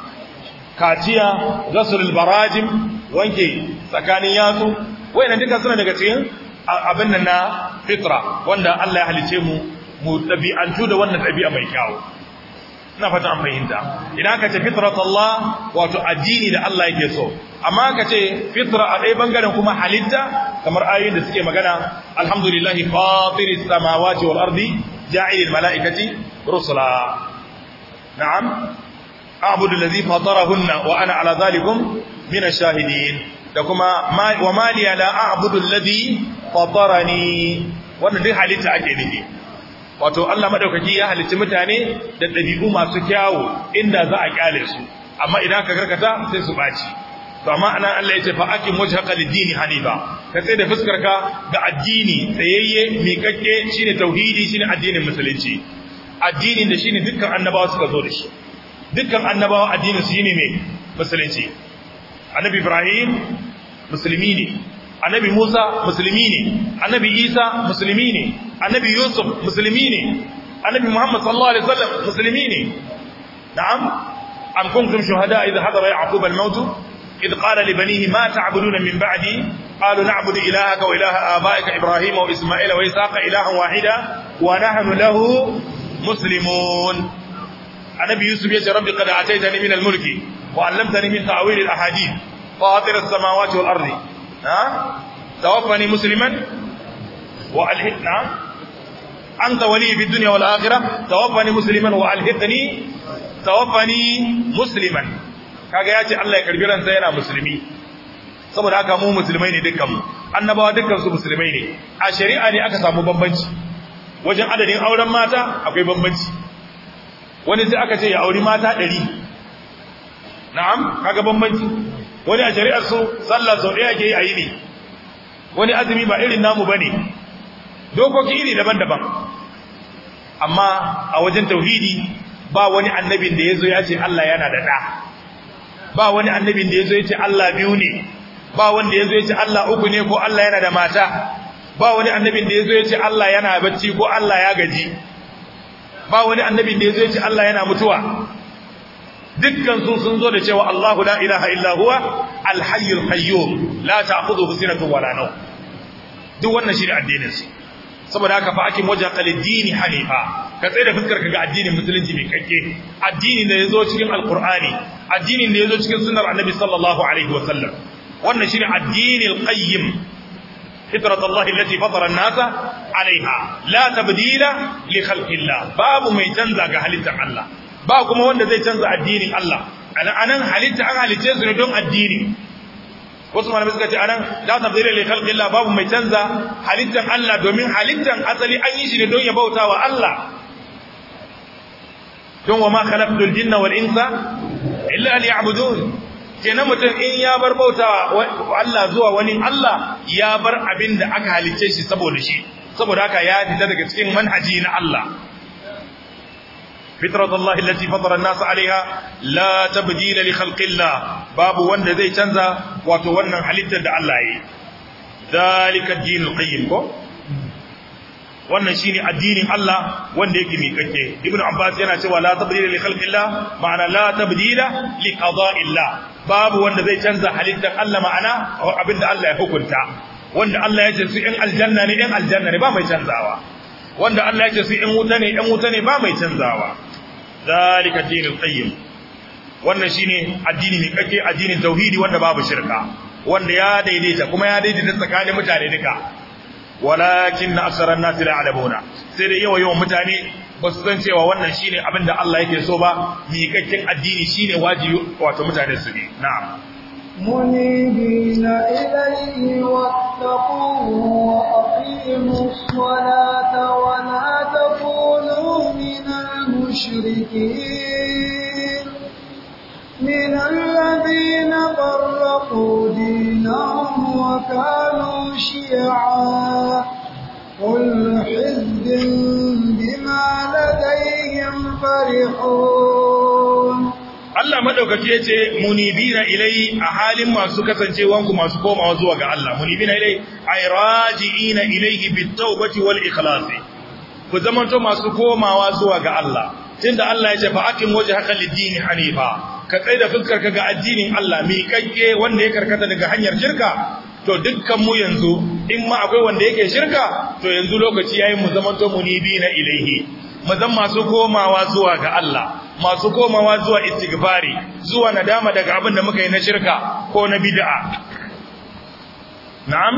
kaciya gasul barajim wanke tsakanin yatsu wayannan duka suna daga cikin abin nan na fitra wanda Allah ya halice mu mu tabi'antu da wannan tabi'a mai kyau ina fata an fahimta idan ka ce fitrat Allah wato addini da Allah yake so amma ka ce fitra a ɗaya bangaren kuma halitta kamar ayoyin da suke magana alhamdulillah fatiris samawati wal ardi ja'ilil malaikati rusula na'am a'budu allazi fatarahunna wa ana ala zalikum min ash-shahidin da kuma wa maliya la a'budu allazi fatarani wannan duk halitta ake nufi wato Allah madaukaki ya halicci mutane da dabi'u masu kyawu inda za a kyale su amma idan ka karkata sai su baci to amma anan Allah yace fa aqim wajhaka lid-dini hanifa ka tsaye da fuskarka ga addini tsayayye miƙaƙƙe shine tauhidi shine addinin musulunci addinin da shine dukkan annabawa suka zo da shi dukkan annabawa addinin su shine me musulunci annabi Ibrahim musulmi ne annabi Musa musulmi ne annabi Isa musulmi ne النبي يوسف مسلميني النبي محمد صلى الله عليه وسلم مسلميني نعم أم كنتم شهداء إذا حضر يعقوب الموت إذ قال لبنيه ما تعبدون من بعدي قالوا نعبد إلهك وإله آبائك إبراهيم وإسماعيل وإساق الها واحدا ونحن له مسلمون النبي يوسف يجي ربي قد أتيتني من الملك وعلمتني من تاويل الأحاديث فاطر السماوات والأرض ها توفني مسلما وألحقنا نعم. anta wali fi dunya wal akhirah tawaffani musliman wa alhiqni tawaffani musliman kaga yace Allah ya karbi ransa yana musulmi saboda haka mu musulmai ne dukkan mu annabawa dukkan su musulmai ne a shari'a ne aka samu bambanci wajen adadin auren mata akwai bambanci wani sai aka ce ya auri mata 100 na'am kaga bambanci wani a shari'ar su sallah sau ɗaya ke yi a yi ne wani azumi ba irin namu ba ne dokoki iri daban-daban amma a wajen tauhidi ba wani annabin da yazo ya ce Allah yana da da ba wani annabin da yazo ya ce Allah biyu ne ba wanda yazo ya ce Allah uku ne ko Allah yana da mata ba wani annabin da yazo ya ce Allah yana bacci ko Allah ya gaji ba wani annabin da yazo ya ce Allah yana mutuwa dukkan su sun zo da cewa Allahu la ilaha illa huwa al-hayyul qayyum la ta'khudhuhu sinatun wala nawm duk wannan shi ne addinin su saboda aka fa ake wajha qalidin hanifa ka tsaye da fuskar ka ga addinin musulunci mai kake addini da yazo cikin alqur'ani Addinin da yazo cikin sunnar annabi sallallahu alaihi wasallam wannan shine addinin alqayyim fitrat allah allati fatara an-nasa alaiha la tabdila li khalqillah babu mai canza ga halittar allah ba kuma wanda zai canza addinin allah anan halitta an halicce su ne don addini wasu malamai suka ce anan la tabdila li illa babu mai canza halittan Allah domin halittan asali an yi shi ne don ya bauta wa Allah don wa ma khalaqtul jinna wal insa illa liya'budun kenan mutum in ya bar bauta wa Allah zuwa wani Allah ya bar abin da aka halicce shi saboda shi saboda haka ya fita daga cikin manhaji na Allah fitrat Allah allati fatara an-nas 'alayha la tabdila li khalqillah babu wanda zai canza wato wannan halittar da Allah yi zalika ad-din qayyim ko wannan shine addinin Allah wanda yake mikakke ibnu abbas yana cewa la tabdila li khalqillah ma'ana la tabdila li qada'illah babu wanda zai canza halittar Allah ma'ana abinda Allah ya hukunta wanda Allah ya ce su in aljanna ne in aljanna ne ba mai canzawa wanda Allah ya ce su in wuta ne in wuta ne ba mai canzawa zalika dinul qayyim wannan shine addini mai kake addinin tauhidi wanda babu shirka wanda ya daidaita kuma ya daidaita tsakanin mutane duka walakin asarar nas la alamuna sai da yawa yawan mutane ba su san cewa wannan shine abin da Allah yake so ba mai kakken addini shine wajibi wato mutane su bi na'am منيبين إليه واتقوه وأقيموا الصلاة ولا تكونوا من المؤمنين المشركين من الذين فرقوا دينهم وكانوا شيعا كل حزب بما لديهم فرحون Allah madaukaki ya ce munibina ilai a halin masu kasancewanku masu komawa zuwa ga Allah munibina ilai ay raji'ina ilayhi bit tawbati wal ikhlas ku to masu komawa zuwa ga Allah tunda Allah ya ce fa aqim wajhaka lid-din hanifa ka tsaya da fuskar ka ga addinin Allah mi kanke wanda ya karkata daga hanyar shirka to dukkan mu yanzu in ma akwai wanda yake shirka to yanzu lokaci yayin mu zamanto munibina ilaihi mu zan masu komawa zuwa ga Allah masu komawa zuwa istighfari zuwa nadama daga abin da muka yi na shirka ko na bid'a na'am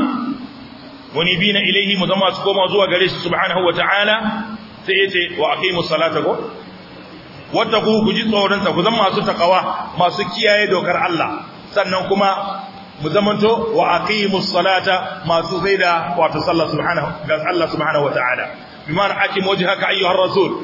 munibina ilaihi mu zan masu komawa zuwa gare shi subhanahu wataala sai yace wa aqimus salata ko wata ku ku ji tsoronsa ku zama masu takawa masu kiyaye dokar Allah sannan kuma mu zamanto wa aqimus salata masu zaida wato sallah subhanahu ga Allah subhanahu wa ta'ala bima akimu ayyuhar rasul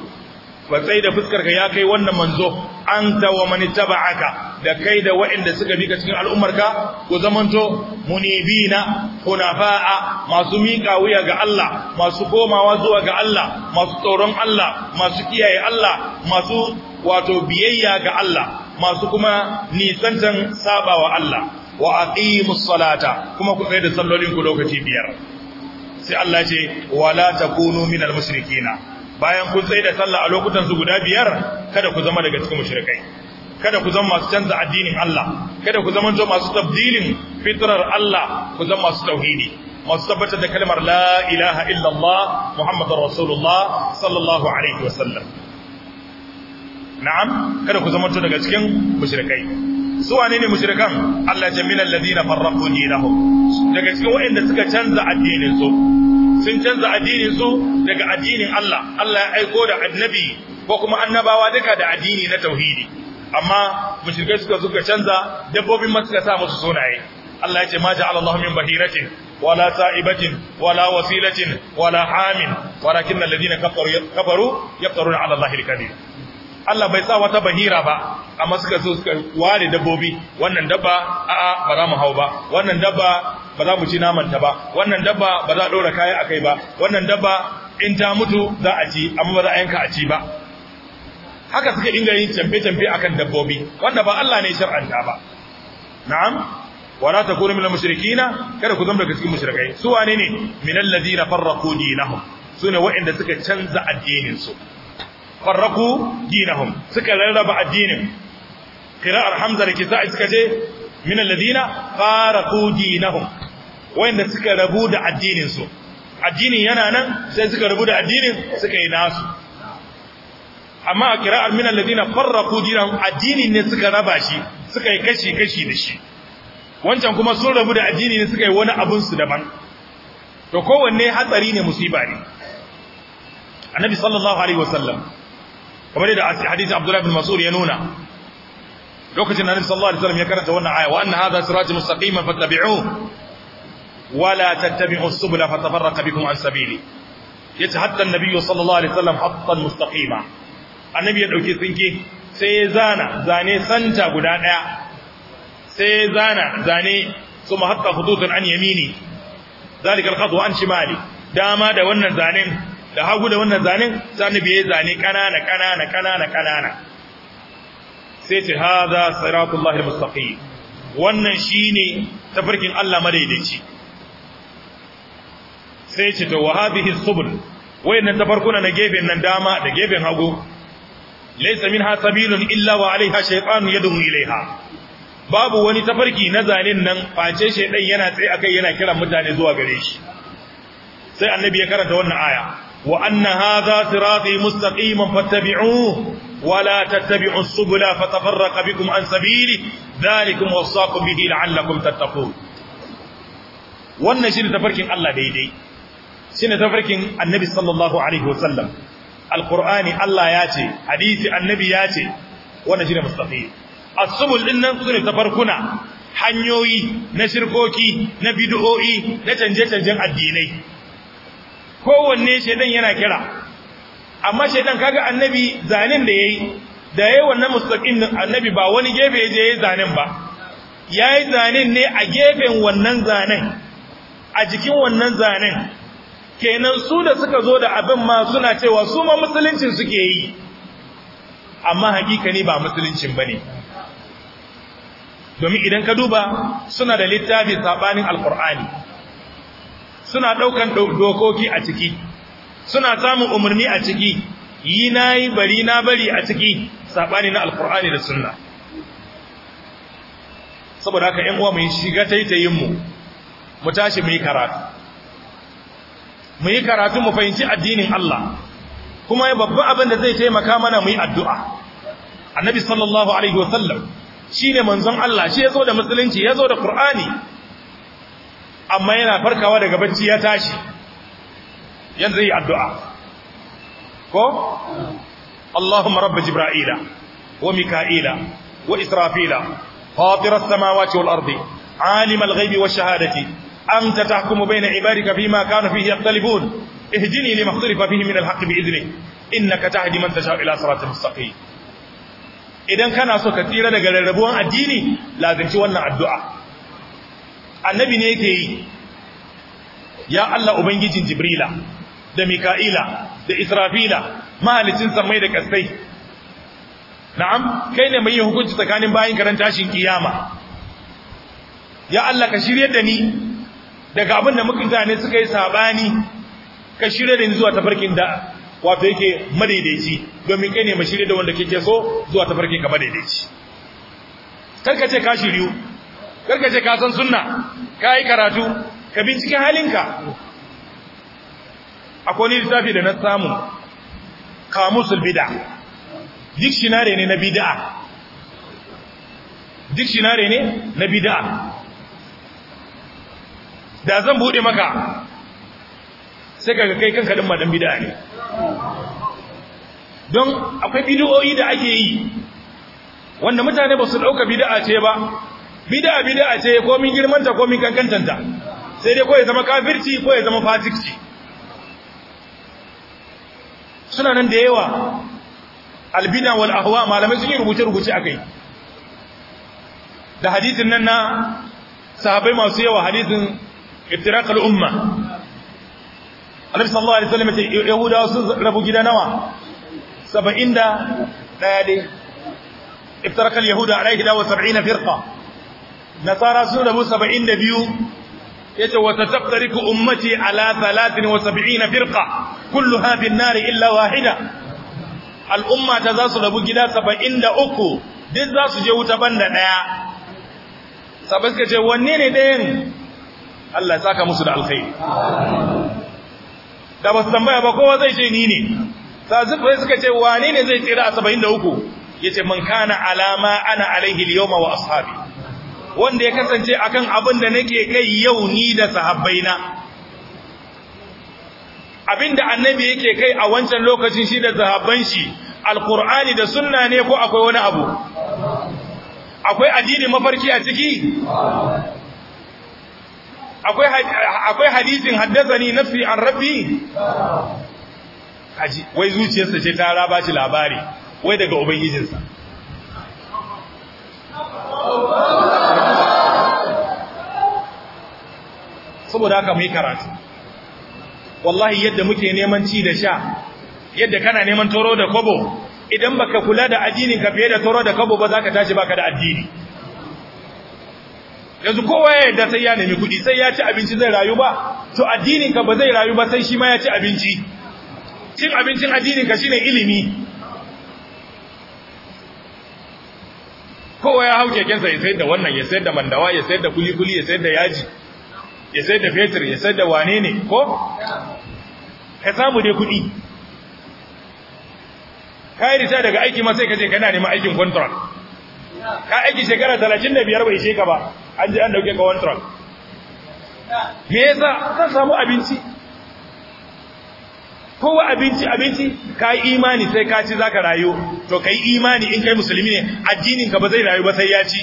ka da fuskar ya kai wannan manzo anta wa mani taba'aka da kai da waɗanda suka bi ka cikin al'ummarka ku zamanto munibina hunafa'a masu miƙa wuya ga Allah masu komawa zuwa ga Allah masu tsoron Allah masu kiyaye Allah masu wato biyayya ga Allah masu kuma nisantan sabawa Allah wa aqimus salata kuma ku tsai da sallolin ku lokaci biyar sai Allah ce wala takunu minal mushrikina bayan kun tsaye da sallah a lokutan su guda biyar kada ku zama daga cikin mushrikai kada ku zama masu canza addinin Allah kada ku zama masu tabdilin fitrar Allah ku zama masu tauhidi masu tabbatar da kalmar la ilaha illallah muhammadur Rasulullah sallallahu Alaihi wasallam. Na'am, kada ku zama daga cikin mushrikai. Su wane ne mushrikan? Allah jamilan ladina farraku dinahum. Daga cikin waɗanda suka canza addinin su, sun canza addinin su daga addinin Allah Allah ya aiko da annabi ko kuma annabawa duka da addini na tauhidi amma mushrikai suka suka canza dabbobin masu suka sa musu sunaye Allah ya ce ma ja'ala Allahu min bahiratin wala sa'ibatin wala wasilatin wala hamin walakin kafaru kafaru yaqtaruna ala Allahi Allah bai sa wata bahira ba amma suka so suka ware dabbobi wannan dabba a'a ba za mu hau ba wannan dabba ba za mu ci naman ta ba wannan dabba ba za a dora kaya akai ba wannan dabba in ta mutu za a ci amma ba za a yanka a ci ba haka suka dinga yin tambe-tambe akan dabbobi wanda ba Allah ne shar'anta ba na'am wala takunu minal mushrikina kada ku zama daga cikin mushrikai su wane ne minal ladina farraqu dinahum sune wa'inda suka canza addinin su farraqu dinahum suka rarraba addinin qira'ar hamza da kisa'i suka ce minal ladina farraqu dinahum wayanda suka rabu da addinin su addinin yana nan sai suka rabu da addinin suka yi nasu amma a kira minan ladina farraqu dinahum addinin ne suka raba shi suka yi kashi kashi da shi wancan kuma sun rabu da addini ne suka yi wani abun su daban to kowanne hatsari ne musiba ne annabi sallallahu alaihi wasallam kamar da hadisi abdullahi bin mas'ud ya nuna lokacin annabi sallallahu alaihi wasallam ya karanta wannan aya wa anna hadha siratun mustaqiman fattabi'uhu wala tattabi'u subula fatafarraqa bikum an sabili yace hatta annabi sallallahu alaihi wasallam hattan mustaqima annabi ya dauki tsinke sai zana zane santa guda daya sai zana zane kuma hatta hududun an yamini zalika alqadwa an shimali dama da wannan zanen da hagu da wannan zanen sai annabi ya zane kanana kanana kanana kanana sai ce hadha siratullahi almustaqim wannan shine tafarkin Allah madaidaici sai ce to wa subul wayannan tafarkuna na gefen nan dama da gefen hagu laysa minha sabilun illa wa alaiha shaytanu yad'u ilaiha babu wani tafarki na zanen nan face shaydan yana tsaye akai yana kiran mutane zuwa gare shi sai annabi ya karanta wannan aya wa anna hadha sirati mustaqiman fattabi'uhu wa la tattabi'us subula fatafarraqa bikum an sabili dhalikum wasaqu bihi la'allakum tattaqun wannan shi tafarkin Allah daidai shine tafarkin annabi sallallahu alaihi wasallam alqur'ani Allah ya ce hadisi annabi ya ce wannan shine mustaqim as-subul dinnan sune tafarkuna hanyoyi na shirkoki na bid'o'i na canje-canjen addinai kowanne shedan yana kira amma shedan kaga annabi zanin da yayi da yayi wannan mustaqim din annabi ba wani gefe je yayi zanin ba yayi zanin ne a gefen wannan zanin a jikin wannan zanin kenan su da suka zo da abin ma suna cewa su ma musuluncin suke yi amma hakika ne ba musuluncin ne. domin idan ka duba suna da littafi sabanin alqur'ani suna ɗaukan dokoki a ciki suna samun umarni a ciki yi nayi bari na bari a ciki sabani na alqur'ani da sunna saboda haka 'yan uwa mu shiga taitayin mu mu tashi mu yi karatu mu yi karatu mu fahimci addinin Allah kuma ya babban abin da zai taimaka mana mu yi addu'a annabi sallallahu alaihi wasallam shi ne manzon Allah shi ya zo da musulunci ya zo da Kur'ani. amma yana farkawa daga bacci ya tashi yanzu yi addu'a ko? Allahumma rabbi Jibra'ila wa Mika'ila wa Israfila fatirar samawa ce wal'ardi alim al wa shahadati أنت تحكم بين عبادك فيما كانوا فيه يختلفون اهدني لما اختلف فيه من الحق بإذنك إنك تهدي من تشاء إلى صراط مستقيم idan kana so ka tsira daga rarrabuwar addini lazanci wannan addu'a annabi ne yake yi ya Allah ubangijin jibrila da mika'ila da israfila mahalicinsa mai da kastai na'am kai ne mai yin hukunci tsakanin bayin karan tashin kiyama ya Allah ka shirye da ni daga abin da mutane suka yi sabani ka shirya da zuwa tafarkin da wato yake madaidaici domin kai ne mai shirya da wanda kake so zuwa tafarkin ka madaidaici karka ce ka shiryu karka ce ka san sunna ka yi karatu ka bincike halinka akwai wani littafi da na samu kamusul bid'a dictionary ne na bid'a dictionary ne na bid'a da zan buɗe maka sai kaga kai kanka din madan bid'a ne don akwai bid'o'i da ake yi wanda mutane ba su dauka bid'a ce ba bid'a bid'a ce ko min girmanta ko min kankantanta sai dai ko ya zama kafirci ko ya zama fasikci suna nan da yawa albina wal ahwa malamai sun yi rubuce rubuce akai da hadisin nan na sahabbai masu yawa hadisin iftirakal umma annabi sallallahu ce yahudawa sun rabu gida nawa 70 da daya dai iftarakal yahuda ala 71 firqa nasara sun rabu 72 yace wa taftariku ummati ala 73 firqa kulluha bin nar illa wahida al umma ta zasu rabu gida 73 duk zasu je wuta banda daya sabai suka ce wanne ne dayan Allah ya saka musu da alkhairi da ba su tambaya ba kowa zai ce ni ne sazifai suka ce wane ne zai tsira a 73 da ya ce man kana alama ana alaihi liyoma wa ashabi wanda ya kasance akan abin da nake kai yau ni da sahabbaina Abinda annabi yake kai a wancan lokacin shi da sahabban shi alkur'ani da sunna ne ko akwai wani abu akwai addini mafarki a ciki akwai hadisin haddazani nafsi an rabbi kaji wai zuciyarsa ce ta raba shi labari wai daga ubangijinsa saboda haka mu yi karatu wallahi yadda muke neman ci da sha yadda kana neman toro da kobo idan baka kula da addinin ka fiye da toro da kobo ba zaka tashi baka da addini yanzu kowa ya yarda sai ya nemi kuɗi sai ya ci abinci zai rayu ba to addinin ka ba zai rayu ba sai shi ma ya ci abinci cin abincin addinin ka shine ilimi kowa ya hau kekensa ya sayar da wannan ya sayar da mandawa ya sayar da kulikuli ya sayar da yaji ya sayar da fetur ya sayar da wane ne ko ka samu dai kuɗi ka yi rita daga aiki ma sai ka je kana neman aikin contract ka aiki shekara 35 bai sheka ba an je an dauke ka truck. me yasa ka samu abinci kowa abinci abinci ka yi imani sai ka ci zaka rayu to kai imani in kai musulmi ne addinin ka ba zai rayu ba sai ya ci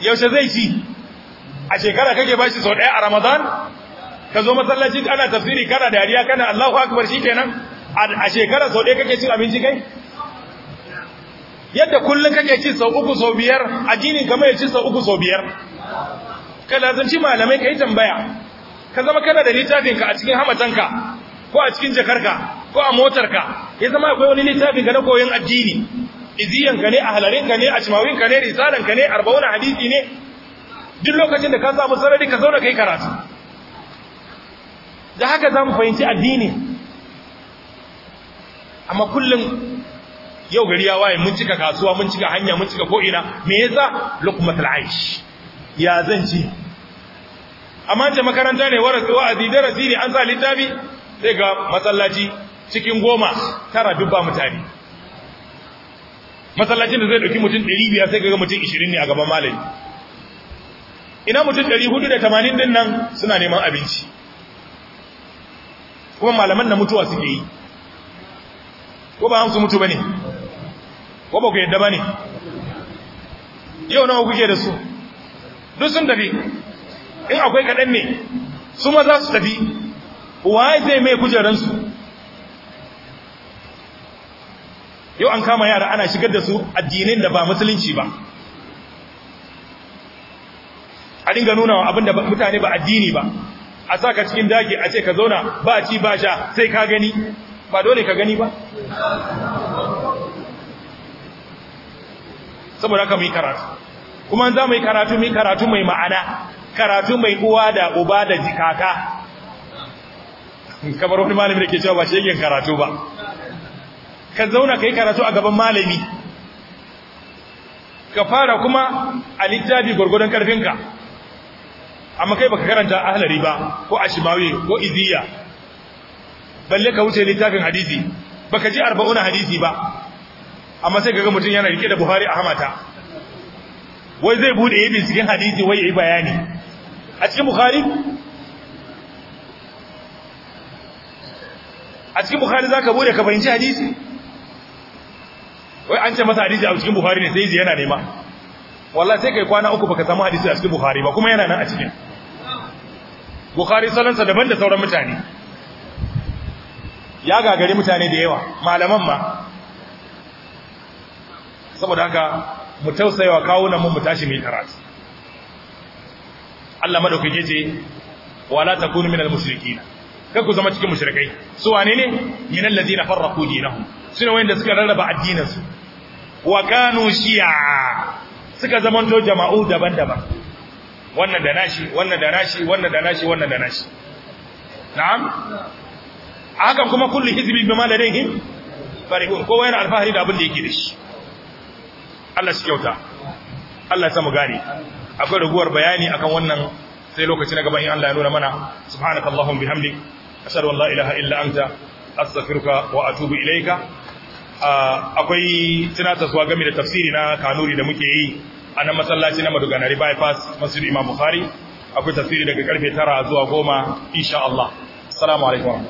yaushe zai ci a shekara kake bashi sau ɗaya a Ramadan ka zo masallaci ana tafsiri kana dariya kana Allahu akbar shikenan a shekara sau ɗaya kake cin abinci kai yadda kullum kake ci sau uku sau biyar addinin game ya ci sau uku sau biyar ka lazanci malamai ka yi tambaya ka zama kana da littafinka a cikin hamatanka ko a cikin jakarka ko a motarka ya zama akwai wani littafinka na koyon addini iziyanka ne a halarinka ne a cimawinka ne risalanka ne arba'una hadisi ne duk lokacin da ka samu sarari ka zauna kai karatu da haka za mu fahimci addini amma kullum yau gari ya waye mun cika kasuwa mun cika hanya mun cika ko'ina me yasa luqmatul aish ya zan ci amma ta makaranta ne warasi wa'azi darasi ne an sa littafi sai ga masallaci cikin goma tara dubba mutane masallacin da zai dauki mutum 500 sai ga mutum 20 ne a gaban malami ina mutum 480 din nan suna neman abinci kuma malaman na mutuwa suke yi ko ba hamsu mutu bane ko ba ku yadda ba ne yau nawa kuke da su duk sun tafi in akwai kaɗan ne su ma za su tafi waye zai mai kujeransu yau an kama yara ana shigar da su addinin da ba musulunci ba a dinga nuna wa abinda mutane ba addini ba a sa ka cikin daki a ce ka zauna ba ci ba sha sai ka gani ba dole ka gani ba saboda haka mu yi karatu kuma za mu yi karatu mu karatu mai ma'ana karatu mai uwa da uba da jikaka kamar wani malami da ke cewa ba shi yake karatu ba ka zauna ka yi karatu a gaban malami ka fara kuma a littafi gwargwadon karfinka amma kai baka karanta ahlari ba ko ashimawi ko iziya balle ka wuce littafin hadisi baka ji arba'una hadisi ba amma sai gaga mutum yana rike da Buhari a hamata wai zai bude yi cikin hadisi wai yi bayani a cikin Buhari a cikin Buhari zaka bude ka fahimci hadisi wai an ce masa hadisi a cikin Buhari ne sai yana nema wallahi sai kai kwana uku baka samu hadisi a cikin Buhari ba kuma yana nan a cikin Bukhari salansa daban da sauran mutane ya gagari mutane da yawa malaman ma saboda haka mu tausayawa kawunan mu mu tashi mu yi karatu Allah madaukake ce wala takunu minal musyrikin kar ku zama cikin mushrikai su wane ne min allazina farraqu dinahum sune wanda suka rarraba addinansu wa kanu shi'a suka zama to jama'u daban-daban wannan da nashi wannan da nashi wannan da nashi wannan da nashi na'am haka kuma kullu hizbi bima ladayhim farihun kowa yana alfahari da abin da yake da shi Allah shi kyauta Allah ta mu gane akwai raguwar bayani akan wannan sai lokaci na gaban in Allah ya nuna mana subhanakallahum bihamdik asharu la ilaha illa anta astaghfiruka wa atubu ilaika akwai tunatarwa game da tafsiri na kanuri da muke yi a nan masallaci na maduganari bypass masjid imam bukhari akwai tafsiri daga karfe 9 zuwa 10 insha Allah assalamu alaikum